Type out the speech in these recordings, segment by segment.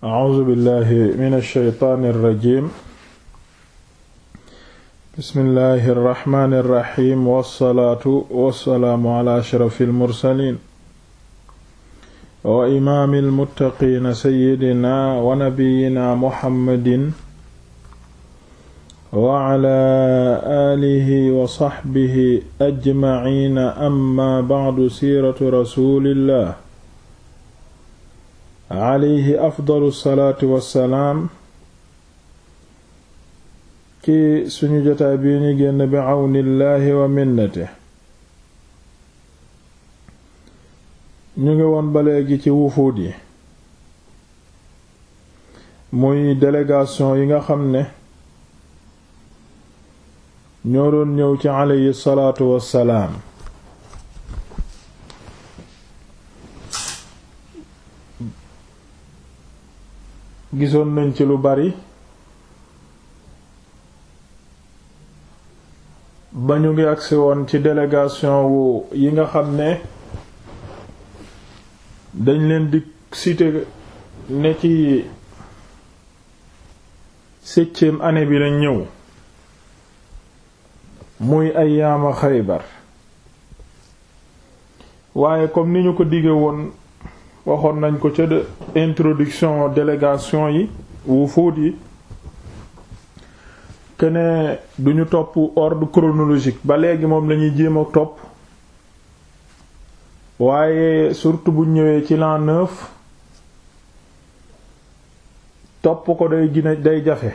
A'uuzu billaahi mina shaytaani rajiim. Bismillaahi rahmaani rahiim. Wassalaatu wassalaamu alaa ashrafil mursaliin. wa imaamil muttaqiina sayyidinaa wa nabiyyinaa Muhammadin. wa alaa aalihi wa saxbihi ajmaciina amma ba'du siiratu rasuulillaah. alayhi afdalu salaatu wassalaam ki suñu jotaay bii ñu génn bi àwnillaahi wa minnate ñu ngi woon ba léegi ci wufuud yi muy délégation yi nga xam ne ñoo doon ñëw ci alayhi salaatu wassalaam gisoon nañ ci lu bari ba ñu ngi agsi woon ci délégation wu yi nga xam ne dañ leen di cité ne ci septième année bi lañ ñëw muy ayyaama Xaybar waaye comme ni ñu ko dige woon waxoon nañ ko ca de introduction délégation yi wufuut yi kene duñu topp ordre chronologique ba léegi moom lañuy jéem a topp waaye surtout bu ñëwee ci l'an neuf topp ko day gina day jafe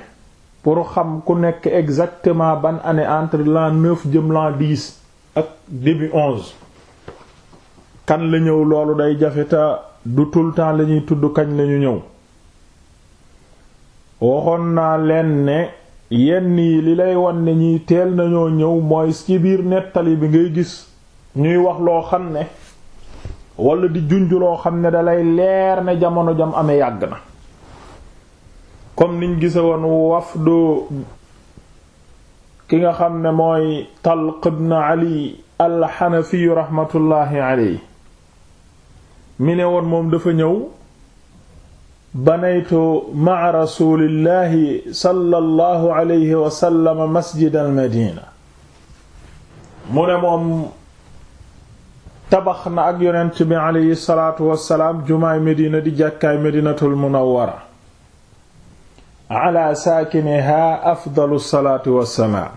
pour xam ku nekk exactement ban année entre l'an neuf jëm l'an ak début onze kan la ñëw loolu day jafe ta du tout lañuy tudd kañ lañu ñëw waxoon naa leen ne yenn yi li lay wan ne ñiy teel nañoo ñëw mooy ci biir nettali bi ngay gis ñuy wax loo xam ne wala di junj loo xam ne dalay leer ne jamono jam amee yàgg na comme niñ gise woon wafdu ki nga xam ne mooy Talq ibn Ali al-Hanafi rahmatullahi alayhi mi ne woon moom dafa ñëw banaytu ma'a rasulillahi sallallahu alayhi wa sallam masjid al mu ne moom tabax na ak yonent bi alayhi salaatu wassalaam jumaay medina di jàkkaay medinatul munawwara ala saakiniha afdalu salaatu wassalaam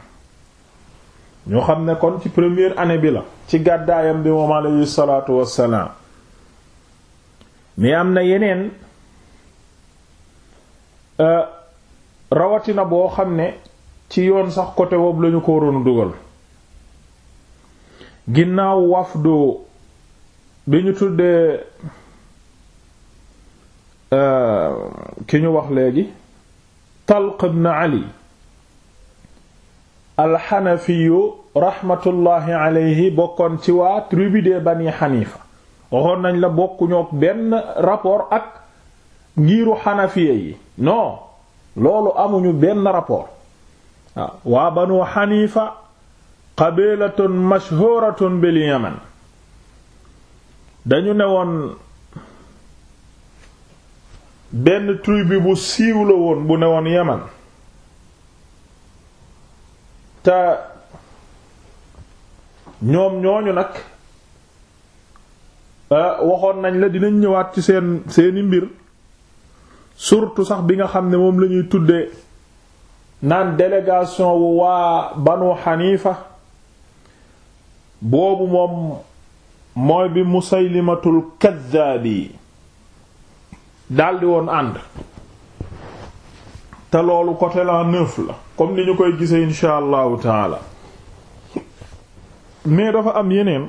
ñu xam ne kon ci premier année bi la ci gàddaayam bi moom alayhi salaatu wassalaam mais am na yeneen euh, rawatina boo xam ne ci yoon sax côté boobu lañu ko waroon dugal ginnaaw wafdu bi ñu tuddee euh, ki ñu wax léegi Talq ibn Ali alxanafiyu raxmatullaahi alayhi bokkoon ci waa tribu de Bani Xanifa waxoon nañ la bokkuñoo benn rapport ak ngiiru xanafiya yi non loolu amuñu benn rapport waaw waa banu xanifa qabilatun mashhuratun bil yaman dañu ne woon benn tribu bu siiw la woon bu ne woon yaman te ñoom ñooñu nag Euh, waxoon nañ la dinañ ñëwaat ci seen seeni mbir surtout sax bi nga xam ne moom lañuy ñuy tuddee naan délégation wu waa banu xaniifa boobu moom mooy bi musaylimatul kaddaabi daldi woon ànd te loolu côté la comme ni ñu koy gisee insha allahu taala mais dafa am yeneen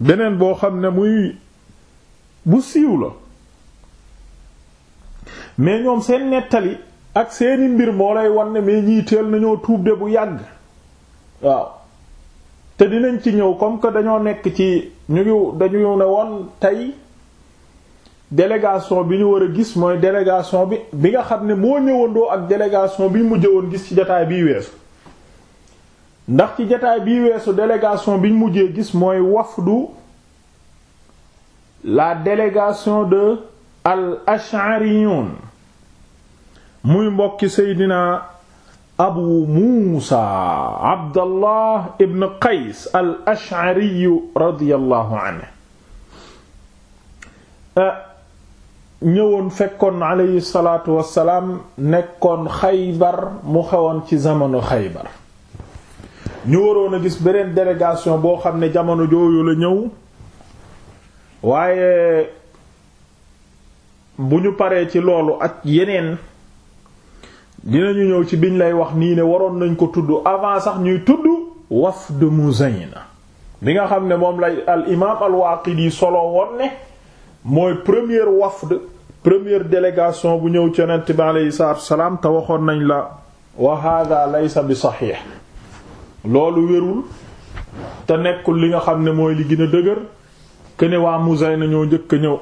beneen boo xam ne muy bu siiw la mais ñoom seen nettali ak seeni mbir moo lay wan ne mais ñii nañoo tuub bu yàgg waaw te dinañ ci ñëw comme que dañoo nekk ci ñu ngi dañu ne woon tey délégation bi ñu war a gis mooy délégation bi bi nga xam ne moo ñëwandoo ak délégation bi mujjëwoon gis ci jataay biy weesu ndax ci jataay bii weesu délégation biñ mujjee gis mooy wafdu la delegation de al ash'ariyun muy mbokki seydina abu muusa abdallah ibn qays al ash'ariyu radiyallahu anhu eh, ñëwoon fekkoon alayhi salaatu wassalaam nekkoon xaybar mu xewoon ci zamanu xaybar ñu waroon a gis beneen délégation boo xam ne jamono jooyu la ñëw waaye bu ñu paree ci loolu ak yeneen dinañu ñëw ci biñ lay wax nii ne waroon nañ ko tudd avant sax ñuy tudd wafd Muzayna bi nga xam ne moom lay al imaam al-Waaqidi solo woon ne mooy première wafd première délégation bu ñëw ci yonent bi aleyhi salaatu salaam te waxoon nañ la wa hada laysa bi saxiix loolu wérul te nekkul li nga xam ne mooy li gën dëgër këne waa nañoo njëkk a ñëw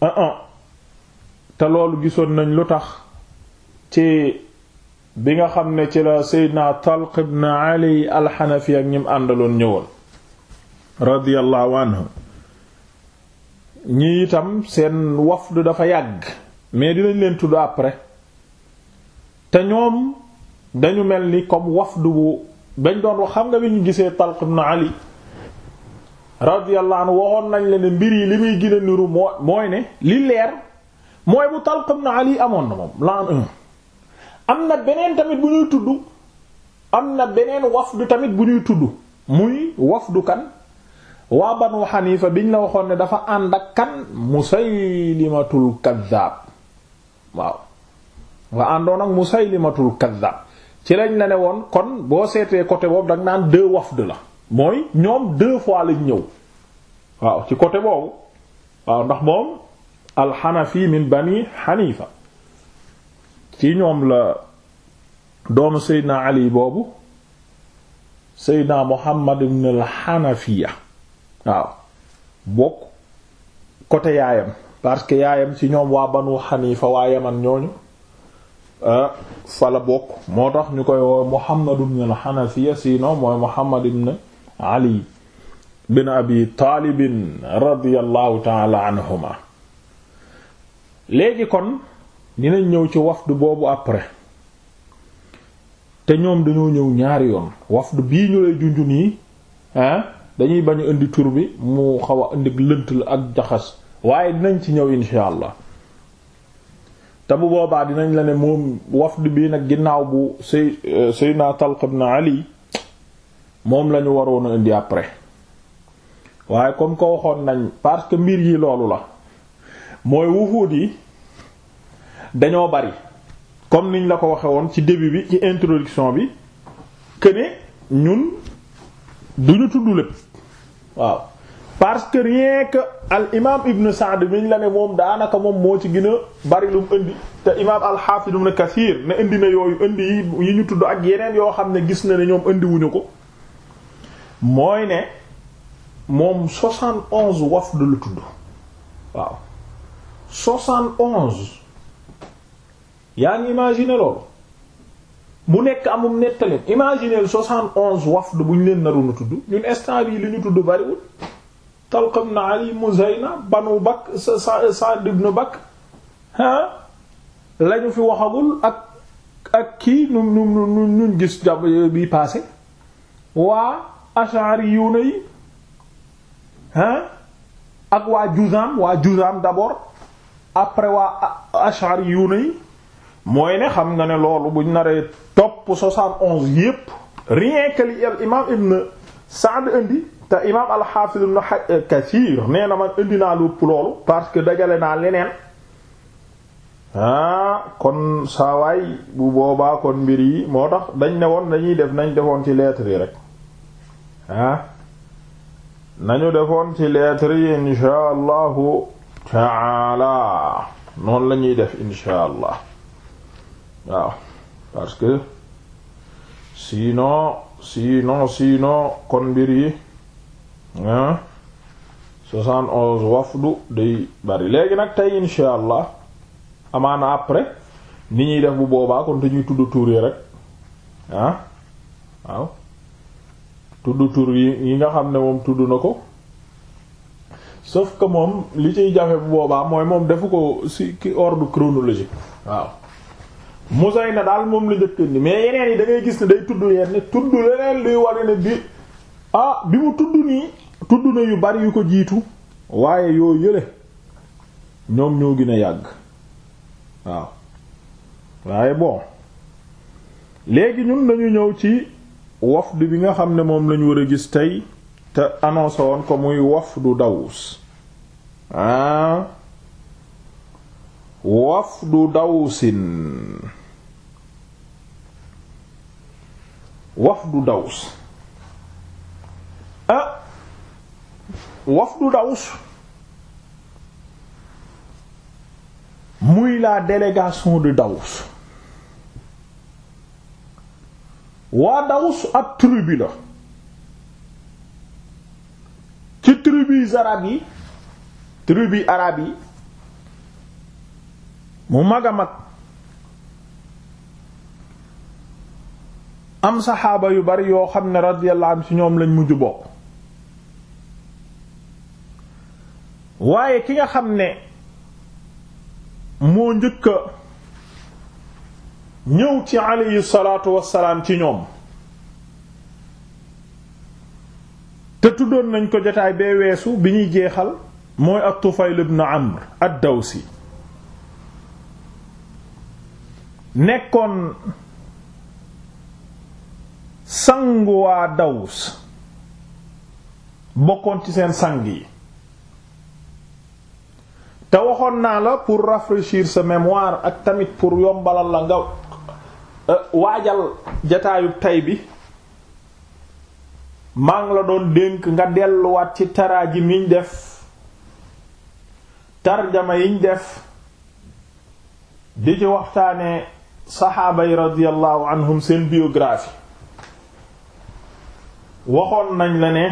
uh uh te loolu gisoon nañ lu tax ci bi nga xam ne ci la Seydina Talq ibn Ali al-Hanafi ñi ñim àndaloon ñëwoon radiyallahu anhu ñi itam seen wafd dafa yàgg mais dinañ leen tudd après te ñoom dañu mel ni comme wafdu bu bañ doon wax xam nga bi ñu gisee Talq ibn Ali radiyallahu anhu waxoon nañ la ne mbir yi li muy gën a niru moo mooy ne li leer mooy bu Talq ibn Ali amoon na moom l'an am na beneen tamit bu ñuy tudd am na beneen wafdu tamit bu ñuy tudd muy wafdu kan waa Banu Xanifa biñ la waxoon ne dafa ànd ak kan Musaylimatul Kaddaab waaw nga àndoon ak Musaylimatul Kaddaab ci lañ la ne woon kon boo seetee côté boobu da naan deux wafd la mooy ñoom deux fois lañ ñëw waaw ci côté boobu waaw ndax moom alxanafi min bani xanifa ci ñoom la doomu seydna ali boobu seydna muhammad ibn alxanafiya waaw bokk côté yaayam parce que yaayam ci ñoom waa banu xanifa waa yaman ñooñu Euh, fala bokk moo tax ñu koy woo Muhammad ibn al-Hanafiya sinon mooy Muhammad ibn Ali bin Abi Taalib radiyallahu taala anhuma léegi kon dinañ ñëw ci wafd boobu après te ñoom dañoo ñëw ñaari yoon wafd bii ñu lay junju nii ah dañuy bañ indi tur bi mu xaw a indi lënt la ak jaxas waaye dinañ ci ñëw insha allah te bu boobaa dinañ la ne moom wafd bi nag ginnaaw bu say euh, Seydina Talq ibn Ali moom lañu ñu waroon a indi après waaye comme ko waxoon nañ parce que mbir yi loolu la mooy wufuut yi dañoo bari comme niñ la ko waxe woon ci début bi ci introduction bi que ne ñun duñu tudd lépp waaw parce que rien que al imaam Ibn Sa'd miñ la ne moom daanaka moom moo ci gën a bari lu mu indi te imaam al-Hafiz Kathir ne indi na yooyu indi yi ñu tudd ak yeneen yoo xam ne gis na ne ñoom indiwuñu ko mooy ne moom soixante onze wafd la tudd waaw soixante mu nekk amum nettaleen imaginer soixante onze wafd bu ñu leen naroon a tudd ñun instant bii li ñu tudd bariwul. Talq ibn Ali Muzayna Banu Bakr Sa'd ibn Bakr ah lañu fi waxagul ak ak kii nu nu nu nuñ gis jàpp bi passé waa Ash'ariyuuna yi ah ak waa Juzaam waa Juzaam d'abord après waa Ash'ariyuuna yi mooy ne xam nga ne loolu buñ naree topp soixante-onze yépp rien que al imaam Ibn Sa'd indi te imaam al-Hafiz ibn euh, Kathir nee man indi lu ëpp parce que dagale naa leneen ah kon saawaay bu boobaa kon mbir yi moo tax dañ ne woon dañuy def nañ defoon ci lettre yi rek ah nañu defoon ci lettre yi insha allahu taala noonu la ñuy def insha allah waaw parce que sinon sinon sinon kon mbir yi ah soixante onze wafdu day bari léegi nag tey insha allah amaana après ni ñuy def bu boobaa kon dañuy tudd tuur yi rek ah waaw tudd tuur yi yi nga xam ne moom tudd na ko sauf que moom li ciy jafe bu boobaa mooy moom defu ko ci ki ordre chronologique waaw Muzayna daal moom lu njëkk ni mais yeneen yi dangay gis ne day tudd yenn tudd leneen luy war ne bi ah bi mu tudd nii tudd na yu bari yu ko jiitu waaye yoo yële ñoom ñoo gën a yàgg waaw waaye bon léegi ñun dañu ñëw ci wafd bi nga xam ne moom lañu war a gis tey te annoncé woon ko muy wafdu Dawus ah wafdu Dawusin wafdu Dawus wax wafdu Daws muy la délégation du Daws waa Daws ab tribu la ci tribus arab yi tribu arab yi mu mag a mag am saxaaba yu bari yoo xam ne radiyallahu anhu ci ñoom lañ mujj bokk waaye ki nga xam ne moo njëkka a ñëw ci alayhi salaatu wassalaam ci ñoom te tuddoon nañ ko jotaay bee weesu bi ñuy jeexal mooy ak Tufayl ibn Amr ad-Dawsi nekkoon sangu waa bokkoon ci seen sang yi te waxoon naa la pour rafraîchir sa mémoire ak tamit pour yombalal la nga euh, waajal jataayu tay bi maa ngi la doon dénk nga delluwaat ci taraajim yiñ def tarjama yiñ def di ci waxtaane saxaaba yi radiyallahu anhum seen biographie waxoon nañ la ne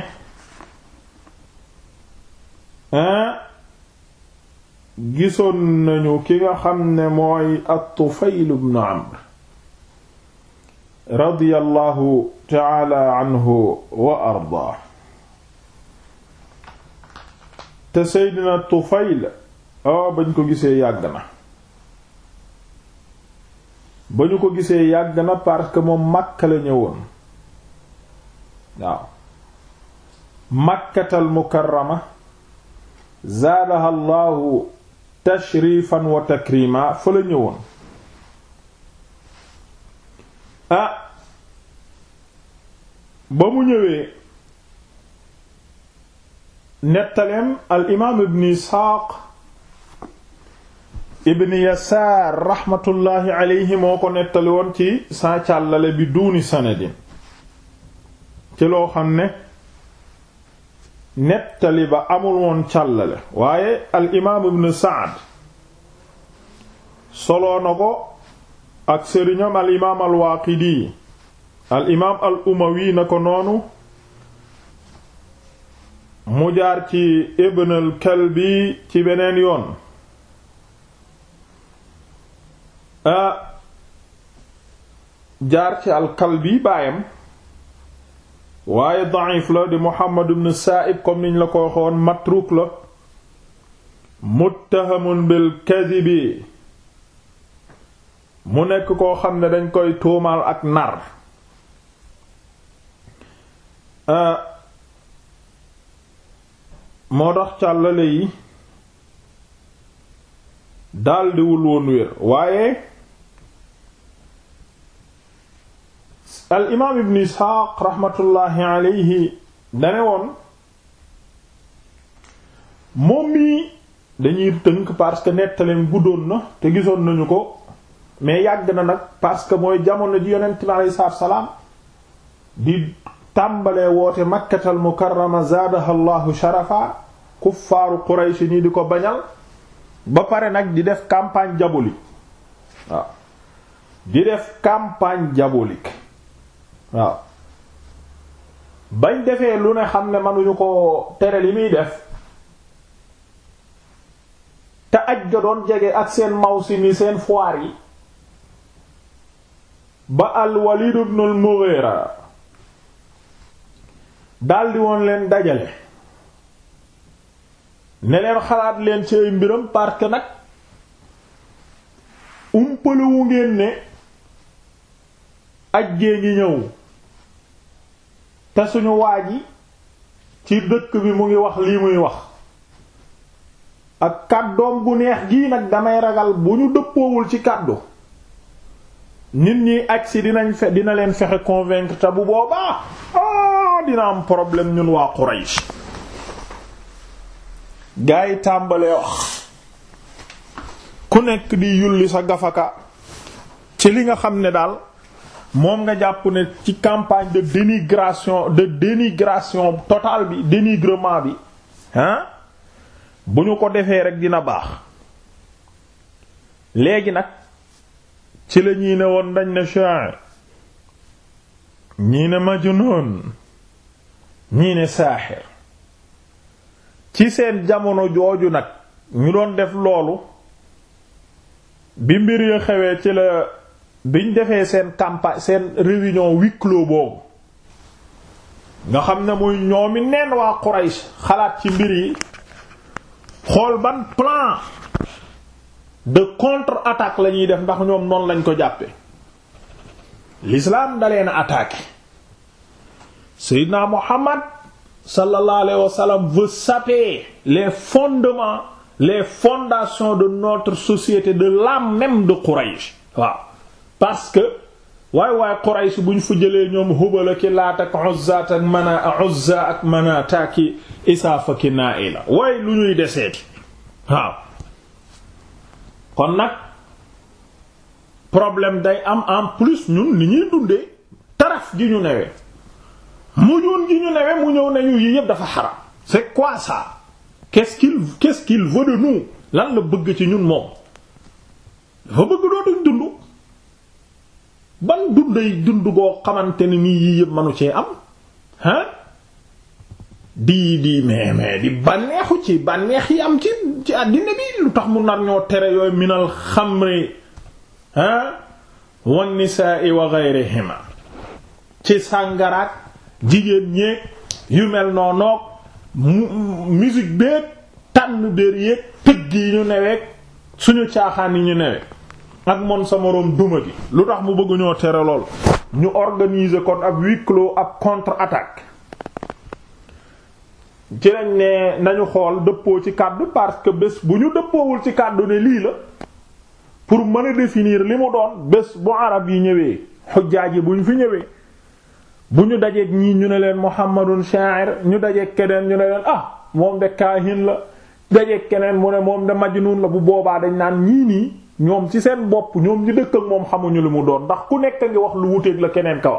gisoon nañu ki nga xam ne mooy at-Tufayl ibn Amr radiyallahu ta'ala anhu wa ardaa te Seydina Tufayl a oh, bañ ko gisee yàgg na ba ñu ko gisee yàgg na parce que moom Makka la ñëwoon waaw Makkatal Mukarrama zaadaha Allahu tashrifan wa takrima fa la ñëwoon ah ba mu ñëwee nettaleem al imaam ibn isxaaq ibn yasaar raxmatullaahi aleyhi moo ko nettali woon ci saa càllale bi duuni sanadin ci loo xam ne nettali ba amul woon càllale waaye al imaam ibn saad soloo na ko ak sëriñam al imaam al waaqidi al imaam al umawi na ko noonu mu jaar ci ibn al kalbi ci beneen yoon a ah, jaar ci al kalbi baayam waaye da'if la di Muhammad ibn Sa'ib comme niñ la ko waxoon matruk la muttahamun bil kadhibi mu nekk koo xam ne dañ koy tuumaal ak nar euh, moo tax càllale yi daldiwul woon wér waaye al imaam ibn isxaaq raxmatullaahi alayhi dane woon moom mii dañuy tënk parce que nettaleen guddoon na te gisoon nañu ko mais yàgg na nag parce que mooy jamono ji yonent bi alayhi salaam di tàmbalee woote makkatal mukarrama zaadaha llahu sharafa kuffaaru quraysh nii di ko bañal ba pare nag di def campagne diabolique waaw di def campagne diabolique waaw bañ defee lu ne xam ne mënuñu ko tere li muy def te aj ga doon jege ak seen mawsim ni seen foire yi ba àll Walid ibn al daldi woon leen dajale ne leen xalaat leen ci ay mbiram parce que nag umpalewu ngeen ne ajjee ngi ñëw te suñu waa ji ci dëkk bi mu ngi wax lii muy wax ak kàddoom bu neex gii nag damay ragal bu ñu dëppoowul ci kàddu nit ñi agsi dinañ fe dina leen fexe convaincre te bu boobaa ah dina am problème ñun waa Quraysh gaa yi tàmbalee wax ku nekk di yulli sa gafaka ci li nga xam ne daal moom nga jàpp ne ci campagne de dénigration de dénigration totale bi dénigrement bi ah bu ñu ko defee rek dina baax léegi nag ci la ñii ne woon dañ ne sha'ir ñii ne majnun ñii ne saaxir ci seen jamono jooju nag ñu doon def loolu bi mbir ya xewee ci la biñ defee seen campagne seen réunion huis clos boobu nga xam ne muy ñoomi neen waa Quraysh xalaat ci mbir yi xool ban plan de contre-attaque lañuy def ndax ñoom noonu lañ ko jàppe l'islam dalee na attaqué Seydina Muhammad sallallahu alayhi wa sallam veut les les fondations de notre société de l'âme même de Quraysh waaw parce que waay waay Quraysh buñ fa jëlee ñoom Hubal ki laata ak Uzza ak Mana Uzza ak Manata ki Isaafa ki Naa'ila waaye lu ñuy deseeti waaw kon nag problème day am en plus ñun ni ñuy dundee taraf gi ñu newee mu ñun gi ñu newee mu ñëw nañu yi yépp dafa xaram c'est quoi ça qu'est-ce qu'il lan la bëgg ci ñun moom dafa bëgg dootuñ dund ban dunday dund goo xamante ni nii yii manu cee am ah di di di bànneexu ci bànneex yi am ci ci àddina bi lu tax mu nar ñoo tere yooyu minal xamri ah wan nisaai wa gayrihima ci sàngaraat jigéen ñéeg yu mel noonoog musique beeg tànn dér yéeg tëgg yi ñu neweeg suñu caaxaan yi ñu neweeg ak mon sa moroom duma lu tax mu bëgg ñoo tere lool ñu organiser kon ab huis clos ab contre-attaque ci ne nañu xool dëppoo ci kàddu parce que bés bu ñu dëppoowul ci kàddu ne lii la pour mën a définir li mu doon bés bu arab yi ñëwee xujjaaj yi bu ñu fi ñëwee bu ñu dajeek ñii ñu ne leen muhammadun sha'ir ñu dajeek keneen ñu ne leen ah moom de kaahin la dajeek keneen mu ne moom de majnun la bu boobaa dañ naan ñii nii ñoom ci seen bopp ñoom ñu dëkk moom xamuñu li mu doon ndax ku nekk ngi wax lu wuteeg la keneen ka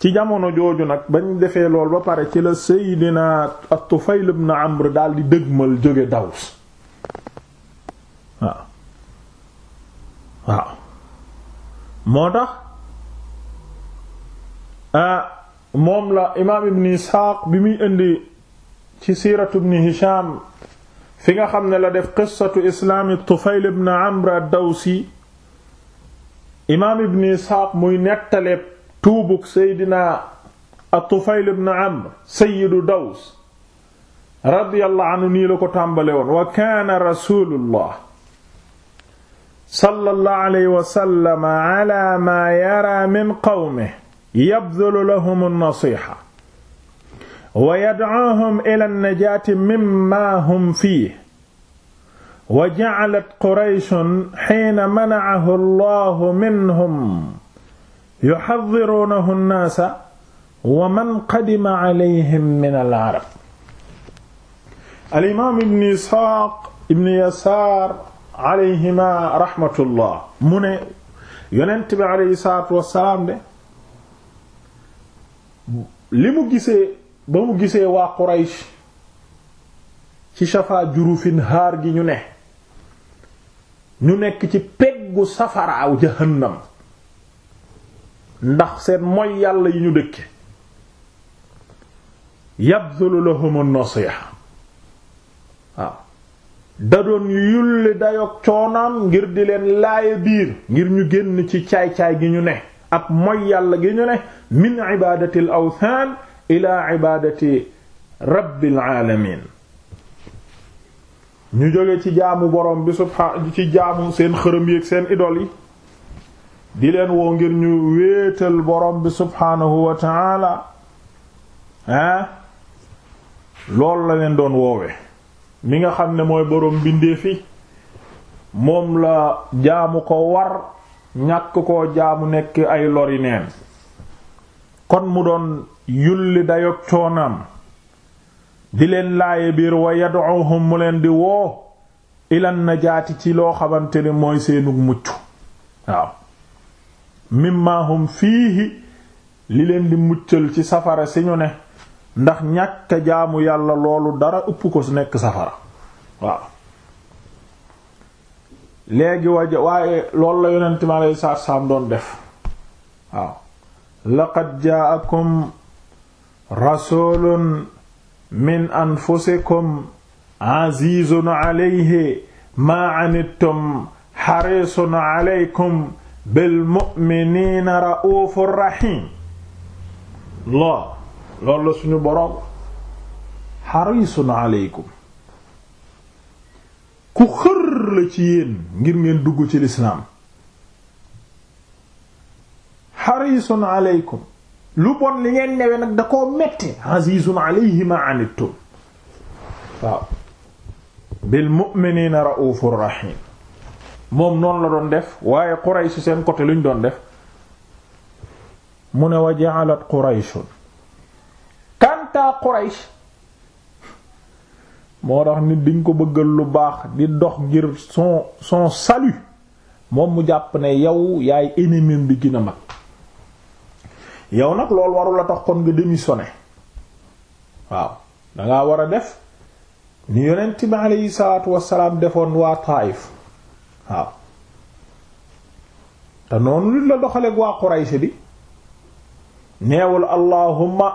ci jamono jooju nag bañ defee lool ba pare ci la Seydina At-Tufayl ibn Amr daal di dëgmal jóge Daws waaw waaw moo tax ah, moom la imaam Ibn Isxaaq bi muy indi ci siiratu Ibn Hisham fi nga xam ne la def qissatu islaami Tufayl ibn Amr ad-Dawsi imaam ibn Isxaaq muy nettaleeb tuubug seydina at-Tufayl ibn Amr sayyidu Daws radiyallahu anhu nii la ko tàmbale woon wa kaana rasulullah sallallahu alayhi wa sallam ala ma yara min qawmihi yabdhulu lahum an-nasiha wa yad'uuhum ila an-najaati mimmaa hum fiihi wa ja'alat qurayshun hiina mana'ahu allahu minhum yuhaddiruunahu an-naasa wa man qadima alayhim min al-arab al-imaam ibn Isxaaq ibn Yasaar alayhima rahmatullah mu ne yonent bi alayhi salaatu wa salaam de li mu gisee ba mu gisee waa Quraysh ci safa jurufin haar gi ñu ne ñu nekk ci peggu safaraaw jahannam ndax seen moy yàlla yi ñu dëkke yabdulu lahum an-nasiha waaw da doon yulli dayoog coonaam ngir di leen laaya biir ngir ñu génn ci caay-caay gi ñu ne ak moy yàlla gi ñu ne min ibadatil awthan ila ibaadati rabbil alamin ñu jóge ci jaamu borom bi subhaanahu ci jaamu seen xërëm yi seen idol yi di leen woo ngir ñu wéetal boroom bi subhaanahu wa taala ah loolu la leen doon woowe mi nga xam ne mooy boroom bindee fi moom la jaamu ko war ñàkk ko jaamu nekk ay lori neen kon mu doon yulli dayog coonaam di leen laaye biir wa yad'uhum mu leen di woo ilan najaati ci loo xamante ni mooy seenug mucc waaw mimma hum li leen di muccal ci safara si ñu ne ndax ñàkk jaamu yàlla loolu dara ëpp ko su nekk safara waaw léegi waaye loolu la yonent mi alayhi salaatu salaam doon def waaw laqad ja'akum rasulun min anfusikum azizun alayhi ma anittum harisun alaykum bil mu'minina ra'ufur rahim loo loolu la suñu boroom harisun alaykum ku xër la ci yéen ngir ngeen dugg ci lislaam harisun alaykum lu bon li ngeen newee nag da koo metti azizun alayhi ma anittum waaw bil mu'minina raufur rahim moom noonu la doon def waaye Quraysh seen côté lu doon def mu ne wa ja'alat Qurayshun kanta Quraysh moo tax nit diñ ko bëggal lu baax di dox ngir son son salut moom mu jàpp ne yow yaay ennemi bi gën mag yow nag loolu warul la tax kon nga sone waaw dangaa war a def ni yonent bi aleyhi salaatu wasalaam defoon waa Taayif waaw te noonu li la doxaleeg waa Quraysh bi neewul allahumma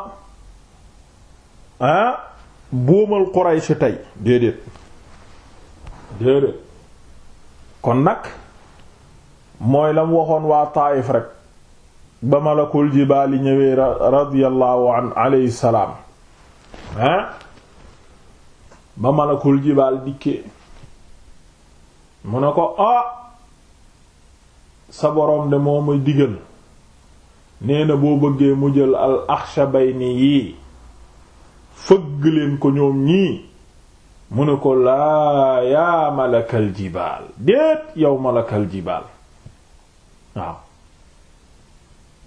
ah boomal Quraysh tey déedéet déedéet kon nag mooy la mu waxoon waa Taayif rek ba malakul jibaali ñëwee radiyallahu an alayhi salaam ah ba malakul jibaal dikkee mu ne ko ah sa boroom de moo may digal nee na boo bëggee mu jël al axshabayni yii fëgg leen ko ñoom ñii mu ne ko laa yaa malakal jibaal déet yow malakal jibaal waaw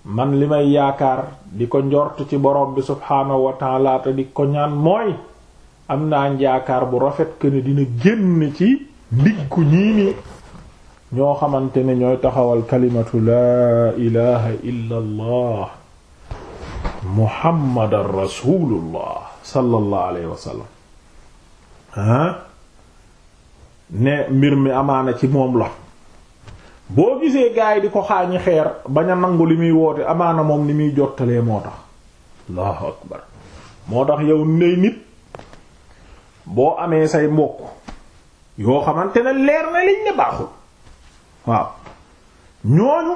man li may yaakaar di ko njort ci borom bi subhaanahu wa te di ko ñaan mooy am naa yaakaar bu rafet que ne dina génn ci ndiggu ñii ni ñoo xamante ne ñooy taxawal kalimatu laa ilaha illa allah muhammadan rasulullah sallallahu alayhi wa sallam ne mbir mi amaana ci moom la boo gisee gars yi di ko xaañi xeer bañ a nangu li muy woote amaana moom li muy jottalee moo tax allahu akbar moo tax yow ney nit boo amee say mbokk yoo xamante ne leer na liñ ne baaxul waaw ñooñu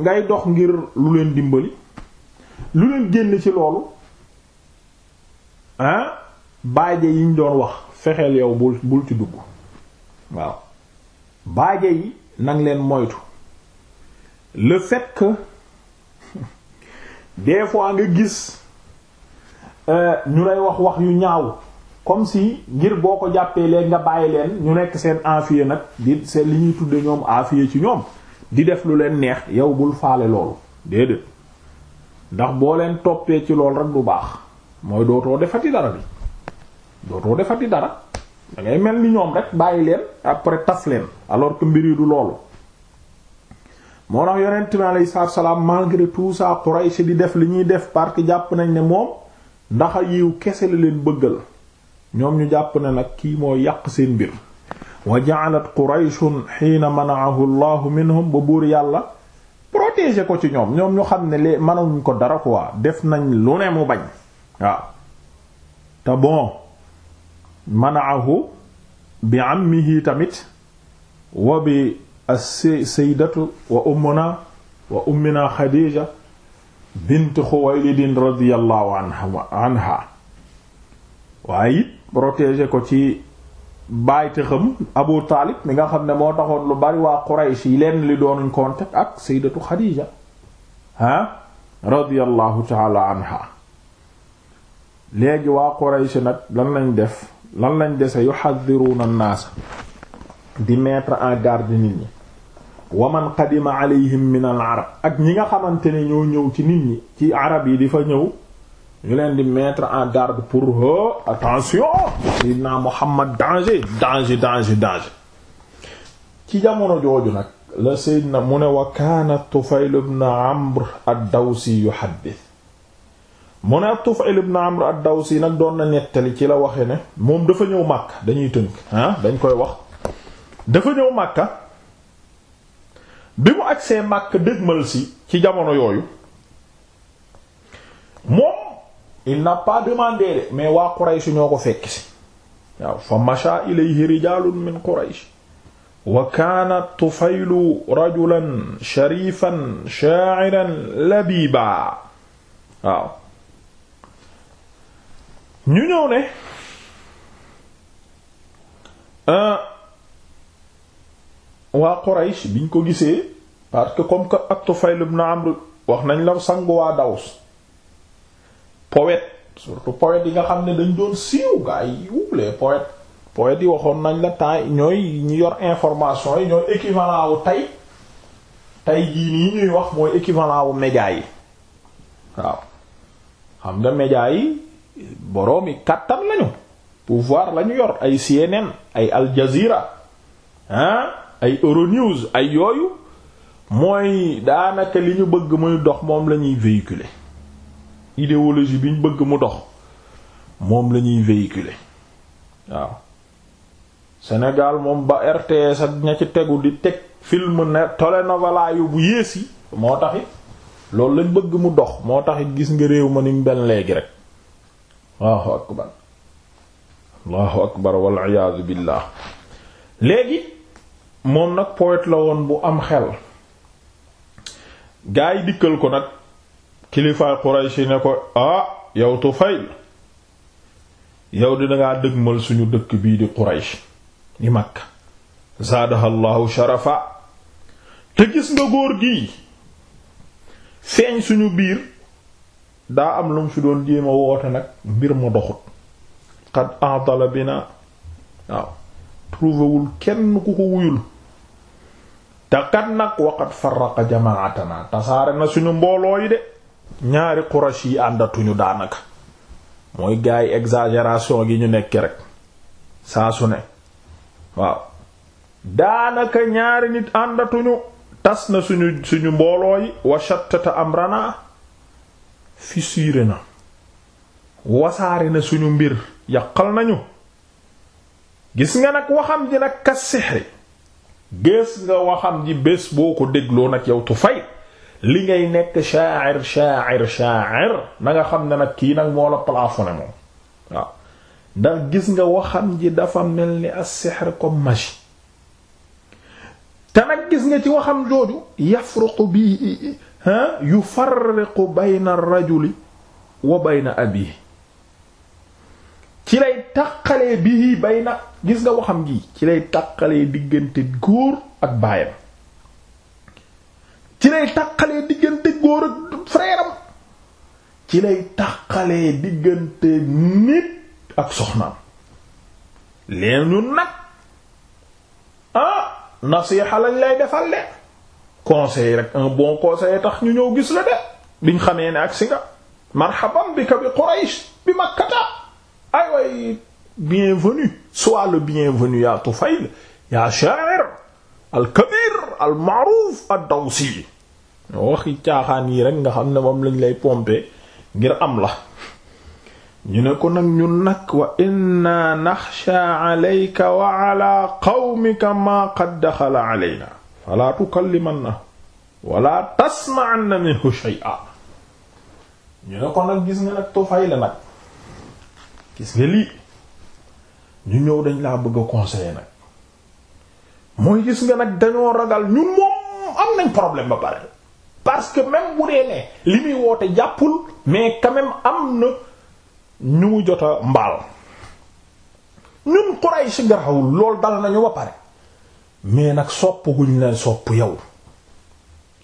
ngay dox ngir lu leen dimbali lu leen génn ci loolu ah baaje yiñ doon wax fexeel yow bul bul ci dugg waaw baaje yi nang leen moytu le fekk que des fois nga gis euh, ñu lay wax wax yu ñaaw comme si ngir boo ko jàppee leen nga bàyyi leen ñu nekk seen enfiye nag di seen li ñuy tudde ñoom enfiye ci ñoom di def lu leen neex yow bul faale loolu déedéet ndax boo leen toppee ci lool rek du baax mooy dootoo defati dara bi dootoo defati dara da mel ni ñoom rek bàyyi leen après tas leen alors que mbir yi du loolu moo tax yonent bi alayhi salaatu salaam malgré tout ça Quraysh di def li ñuy def parce que jàpp nañ ne moom ndax yiw kese la leen bëggal ñoom ñu jàpp ne nag kii moo yàq seen mbir wa ja'alat Qurayshun xiina mana'ahu Allahu minhum ba buur yàlla protéger ko ci ñoom ñoom xam ne lee mënuñ ko dara quoi def nañ lu ne mu bañ waaw te bon manaahu bi ammihi tamit wa bi as-sayyidatu wa ummuna wa bint Khuwaylid radiyallahu anha anha ko ci bàyyte xam Abu Taalib mi nga xam ne moo taxoon lu bari waa Quraysh yi lenn li doonuñ contact ak sayyidatu Khadija ah radiyallahu ta'ala anha léegi waa Quraysh nag lan lañ def lan lañ dese yuhadhiruna an-nas di mettre en garde nit ñi wa man qadima alayhim min al-arab ak ñi nga xamante ne ñoo ñëw ci nit ñi ci arab yi di fa ñëw ñu leen di mettre en garde pour oh attention sayyidina Muhammad danger danger danger danger ci jamono jooju nag la na mu ne wa kaana Tufayl ibn Amr ad-Dawsi yuhaddith mu ne Tufayl ibn Amr ad-Dawsi nag doon na nettali ci la waxe ne moom dafa ñëw Makka dañuy tënk ah dañ koy wax dafa ñëw Makka bi mu agsee Makka dëgmal si ci jamono yooyu moom il n'a pas de mais waa Quraysh ñoo ko fekk si waaw fa masha ilayhi rijalun min Quraysh wa kaana Tufaylu rajulan sharifan sha'iran labiba waaw ñu ñëw ne euh, waa Quraysh biñ ko gisee parce que comme que ak Tufayl ibn Amr wax nañ la sangu waa Daws poète surtout poète yi nga xam ne dañ doon siiw gaa yi les poètes poètes yi waxoon nañ la temps ñooy ñu yor information yi ñooy équivalent wu tey tey jii nii ñuy wax mooy équivalent wu média yi waaw xam nga média yi boroomi kàttan lañu pouvoir lañu yor ay CNN ay Al Jazeera ay Euronews ay yooyu mooy daanaka li ñu bëgg muy dox moom lañuy ñuy véhiculer idéologie bi ñu bëgg mu dox moom la ñuy véhiculer waaw senegal moom ba RTS ak ña ci tegu di teg film ne telenovela yu bu yées yi moo taxit loolu lañ bëgg mu dox moo taxit gis nga réew ma ni mu benn rek allahu akbar allahu akbar wal iyaadu billah léegi moom nag poète la woon bu am xel gaa yi dikkal ko nag kilifaay Quraysh ne ko ah yow Tufayl yow di ngaa dëgmal suñu dëkk bii di Quraysh di Makka zaadaha llahu sharafa te gis nga góor gii feeñ suñu biir daa am lu mu fi doon jéema woote nag mbir ma doxut xad atala bi na waaw trouvéwul kenn ku ko wuyul te kat nag waqat farraqa jamaatana tasaare na suñu mbooloo yi de ñaari Quraysh yi àndatuñu daanaka mooy gars yi exagération gi ñu nekk rek saa su ne waaw daanaka ñaari nit àndatuñu tas na suñu suñu mbooloo yi wa shattata amrana fissuré na wasaare na suñu mbir yàqal nañu gis nga nag waxam ji nag kas sixri gés nga waxam ji bés boo ko dégloo nag yow Tufayl li ngay nekk sha'ir sha'ir sha'ir na nga xam ne nag kii nag moo la plafonné moom ndax gis nga waxam ji dafa mel ni as-sihr ko magie te nag gis nga ci waxam jooju yafruqu bi yu yufarriqu bayna rajuli wa bayna abihi ci lay taqalee bihi bayna gis nga waxam gi ci lay taqalee diggante góor ak baayam ci lay taqalee diggante góor ak frère ci lay taqalee diggante nit ak soxnaam leen ñu nag ah nasiixa lañ lay defal le conseil rek un bon conseil tax ñu ñëw gis la de biñ xamee ne ak si nga marhaban bika bi Quraysh bi Makkata ay way bienvenu sois le bienvenu ya Tufayl ya sha'ir al kabir al ma'ruf ad waxi caaxaan yi rek nga xam ne moom lañ lay pomper ngir am la ñu ne ko nag ñun nag wa inna naxsha alayka wa ala ma qad daxala alayna falaa tukallimanna wala tasma'anna minhu shay'a ñu ne ko nag gis nga nag Tufayl nag gis nga lii ñu ñëw dañ laa bëgg a conseiller nag mooy gis nga nag dañoo ragal ñun moom am nañ problème ba pare parce que même bu dee ne li muy woote jàppul mais quand am na ñu mu jot a mbaal ñun Quraysh garawul loolu dal nañu ba pare mais nag sopp guñ leen sopp yow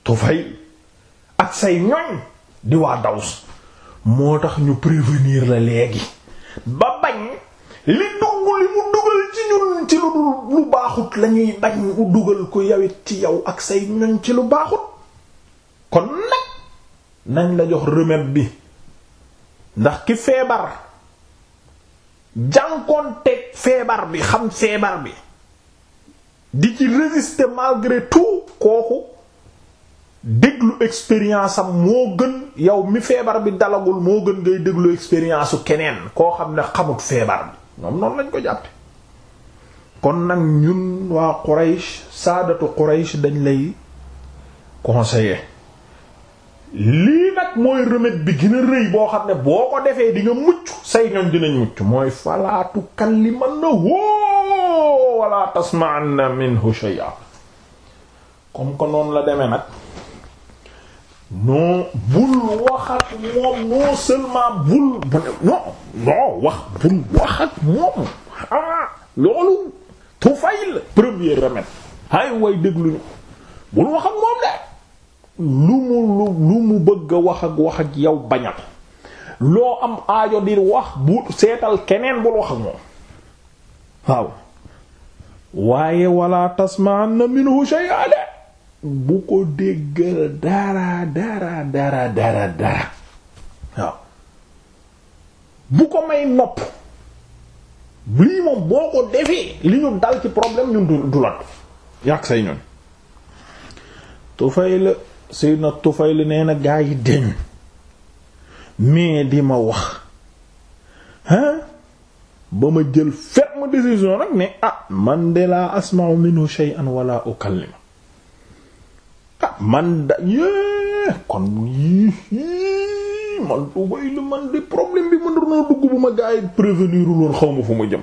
Tufayl ak say ñoñ di waa Daws moo tax ñu prévenir la léegi ba bañ li dugg li mu dugal ci ñun ci lu dul lu baaxut lañuy bañ mu dugal ko yowit ci yow ak say ñoñ ci lu baaxut kon nag nañ la jox remède bi ndax ki feebar jànkoonteeg feebar bi xam feebar bi di ci résister malgré tout kooku déglu expérience am moo gën yow mi feebar bi dalagul moo gën ngay déglu expérience su keneen koo xam ne xamut feebar bi ñoom noonu lañ ko jàppe kon nag ñun waa Quraysh saadatu Quraysh dañ lay conseiller lii nag mooy remède bi gën rëy boo xam ne boo ko defee di nga mucc say ñoñ dinañ mucc mooy falaatu kallima na woo wala tasma'anna minhu shay'a comme que noonu la demee nag non bul wax moom non seulement bul non non wax bul wax moom ah loolu Tufayl premier remède hay way dégluñu bul wax moom de lu mu lu mu bëgg a wax ak yow bañ loo am aajo di wax bu seetal keneen bul wax moom waaye wala tasma'anna minhu shay'a bu ko déggal dara dara dara dara dara waaw bu ko may nopp lii moom boo ko defee li ñu dal ci problème ñun du du lat say ñun Tufayl Seydina Tufayl nee na gaa deñ mais di ma wax ba ma jël ferme décision nag ne ah man de laa asma'u minhu shay'an wala ukallima ah man da yee kon man dubay lu man de problème bi mën na dugg bu ma gaa yi prévenir loon xaw ma fu ma jëm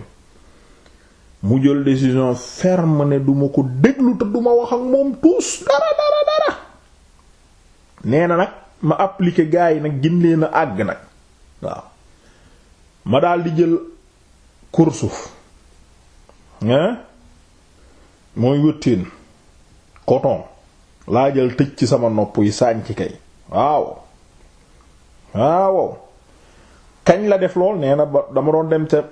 mu jël décision ferme ne duma ko déglu te ma wax ak moom tuus dara dara dara nee na nag ma appliquer gaa yi nag gin leen a àgg nag waaw ma daal di jël kursuf hein mooy wëttéen coton laa jël tëj ci sama nopp yi saañ ci kay waaw waaw kañ la def lool nee na ba dama doon dem ca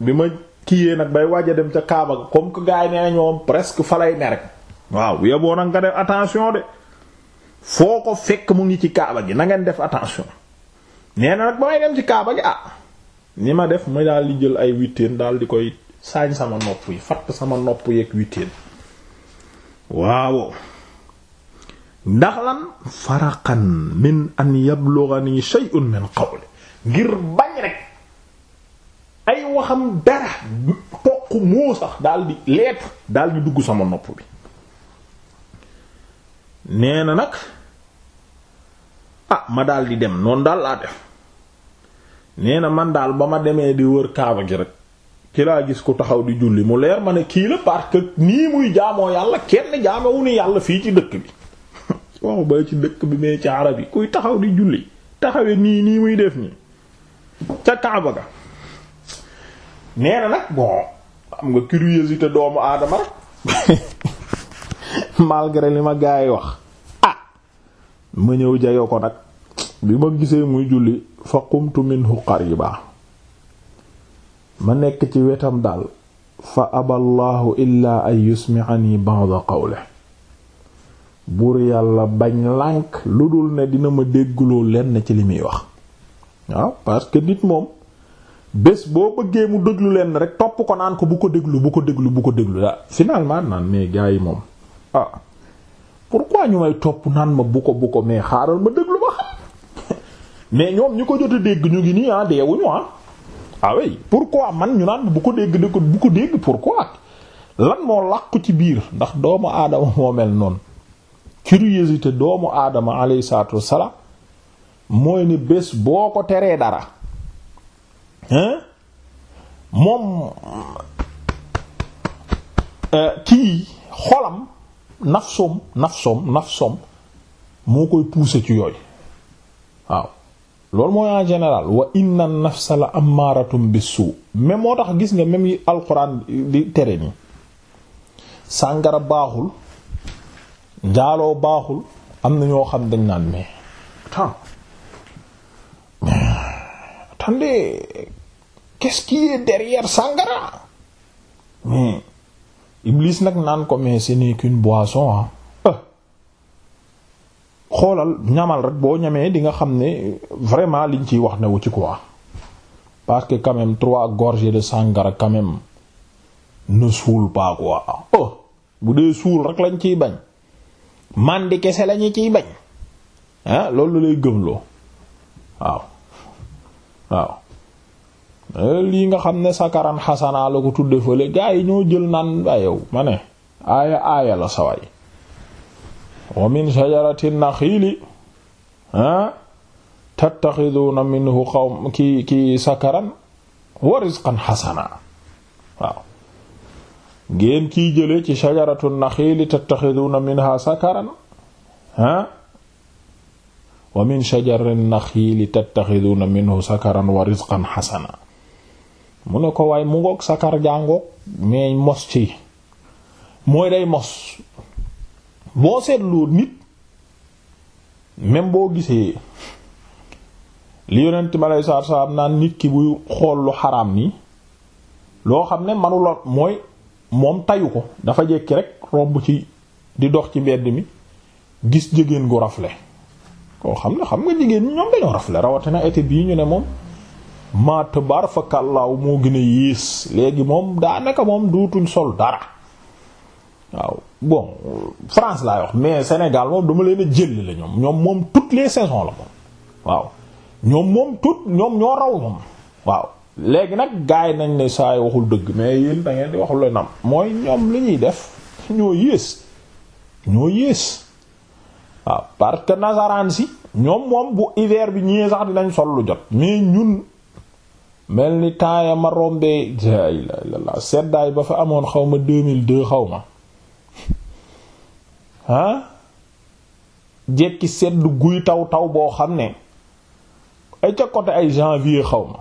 bi ma kii kiyee nag bay waaj a dem ca Kaaba comme que gars yi nee na ñoom presque falay ne rek waaw yeboo nag nga def attention de foo ko fekk mu ngi ci Kaaba gi nangeen def attention nee nag ba may dem ci Kaaba gi ah ni ma def ma daal di jël ay witteen daal di koy saañ sama nopp yi fatt sama nopp yeeg witteen waaw ndax lan faraqan min an yablughani shay'un min qawli ngir bañ rek ay waxam dara toq moo sax daal di leet daal di dugg sama nopp bi nee na nag a ah, ma daal di dem noonu daal laa def nee na man daal ba ma demee di wër kaaba gi rek ki laa gis ku taxaw di julli mu leer ma ne kii la parce nii muy jaamoo yàlla kenn jaamewu ni yàlla fii ci dëkk bi waxu ba ci dëkk bi mais ci arab yi kuy taxaw di julli taxawee nii nii muy def nii ca kaaba ga nee na nag bon am nga curiosité doomu aadama rek malgré li ma gaa yi wax ah ma ñëw jayoo ko nag bi ma gisee muy julli fa qumtu minhu baax ma nekk ci wetam daal fa aballaahu illaa an yusmi'ani ba'da qawle buur yàlla bañ lànk lu dul ne dina ma déggloo lenn ci li muy wax waaw parce que nit moom bés boo bëggee mu déglu leen rek topp ko naan ko bu ko déglu bu ko déglu bu ko déglu ah finalement naan mais gars yi moom ah pourquoi ñu may topp naan ma bu ko bu ko mais xaaral ma déglu ma mais ñoom ñi ko jot a dégg ñu ngi nii ah deewuñu ah ah oui pourquoi man ñu naan bu ko dégg de ko bu ko dégg pourquoi lan moo làqu ci biir ndax doomu aadama moo mel noonu curiosité doomu aadama alayhi salaatu wassalaam mooy ne bés boo ko teree dara hein moom euh, kii xolam nafsoom nafsoom nafsoom moo koy pousser ci yooyu waaw loolu mooy en général wa inna nafsa la ammaaratum bisu mais moo tax gis nga même yi alquran di tere ni sàngara baaxul njaaloo baaxul am na ñoo xam dañ naan mais attends attendez qu'est-ce qui sàngara mais nag naan ko mais ce n'est qu'une boisson ah xoolal ñamal rek boo ñamee di nga xam ne vraiment liñ ciy wax newu ci ko parce que quand même trois gorgées de sangara quand nu ne suul pas quoi oh, bu dee suul rek lañ ciy bañ màndi kese lañu ciy bañ ah loolu lay gëmloo waaw waaw eh, lii nga xam ne sakaran xasanaa la ko tudde fële gaa yi ñoo jël naan ba yow ma ne aaya aaya la saway wa min shajarati naxiili ah tattaxiduuna minhu xawm ki ki sakaran wa rizqan xasana waaw ngeen kiy jële ci shajaratu naxiili tattaxiduuna minha sakaran ah wa min shajarati naxiili tattaxiduuna minhu sakaran wa rizqan xasana mu ne ko waaye mu ngoog sakar jàngoog mais mos ci mooy day mos boo seetloo nit même boo gisee li yonent ma lay saar saar naan nit ki buy xool lu xaraam nii loo xam ne manula mooy moom tayu ko dafa jekki rek romb ci di dox ci mbedd mi gis jigéen gu rafle koo xam ne xam nga jigéen ñi ñoom dañoo rafle rawatina été bii ñu ne moom matt bar fa kàllaaw moo gën a yées léegi moom daanaka moom duutuñ sol dara waaw bon France laay wax mais Sénégal moom dama leen a jël la ñoom ñoom moom toutes les saisons la moom waaw ñoom moom tout ñoom ñoo raw moom waaw léegi nag gars yi nañ ne saa waxul dëgg mais yéen da ngeen di waxul leen nam mooy ñoom li ñuy def ñoo yées ñoo yées waaw parce que nasaraan si ñoom moom bu hiver bi ñëwee sax dinañ sol lu jot mais ñun mel ni temps ya ma rombee seddaay ba fa amoon xaw ma 2002 xaw ma ah jekki sedd guy taw taw boo xam ne ay ca côté ay janvier xaw ma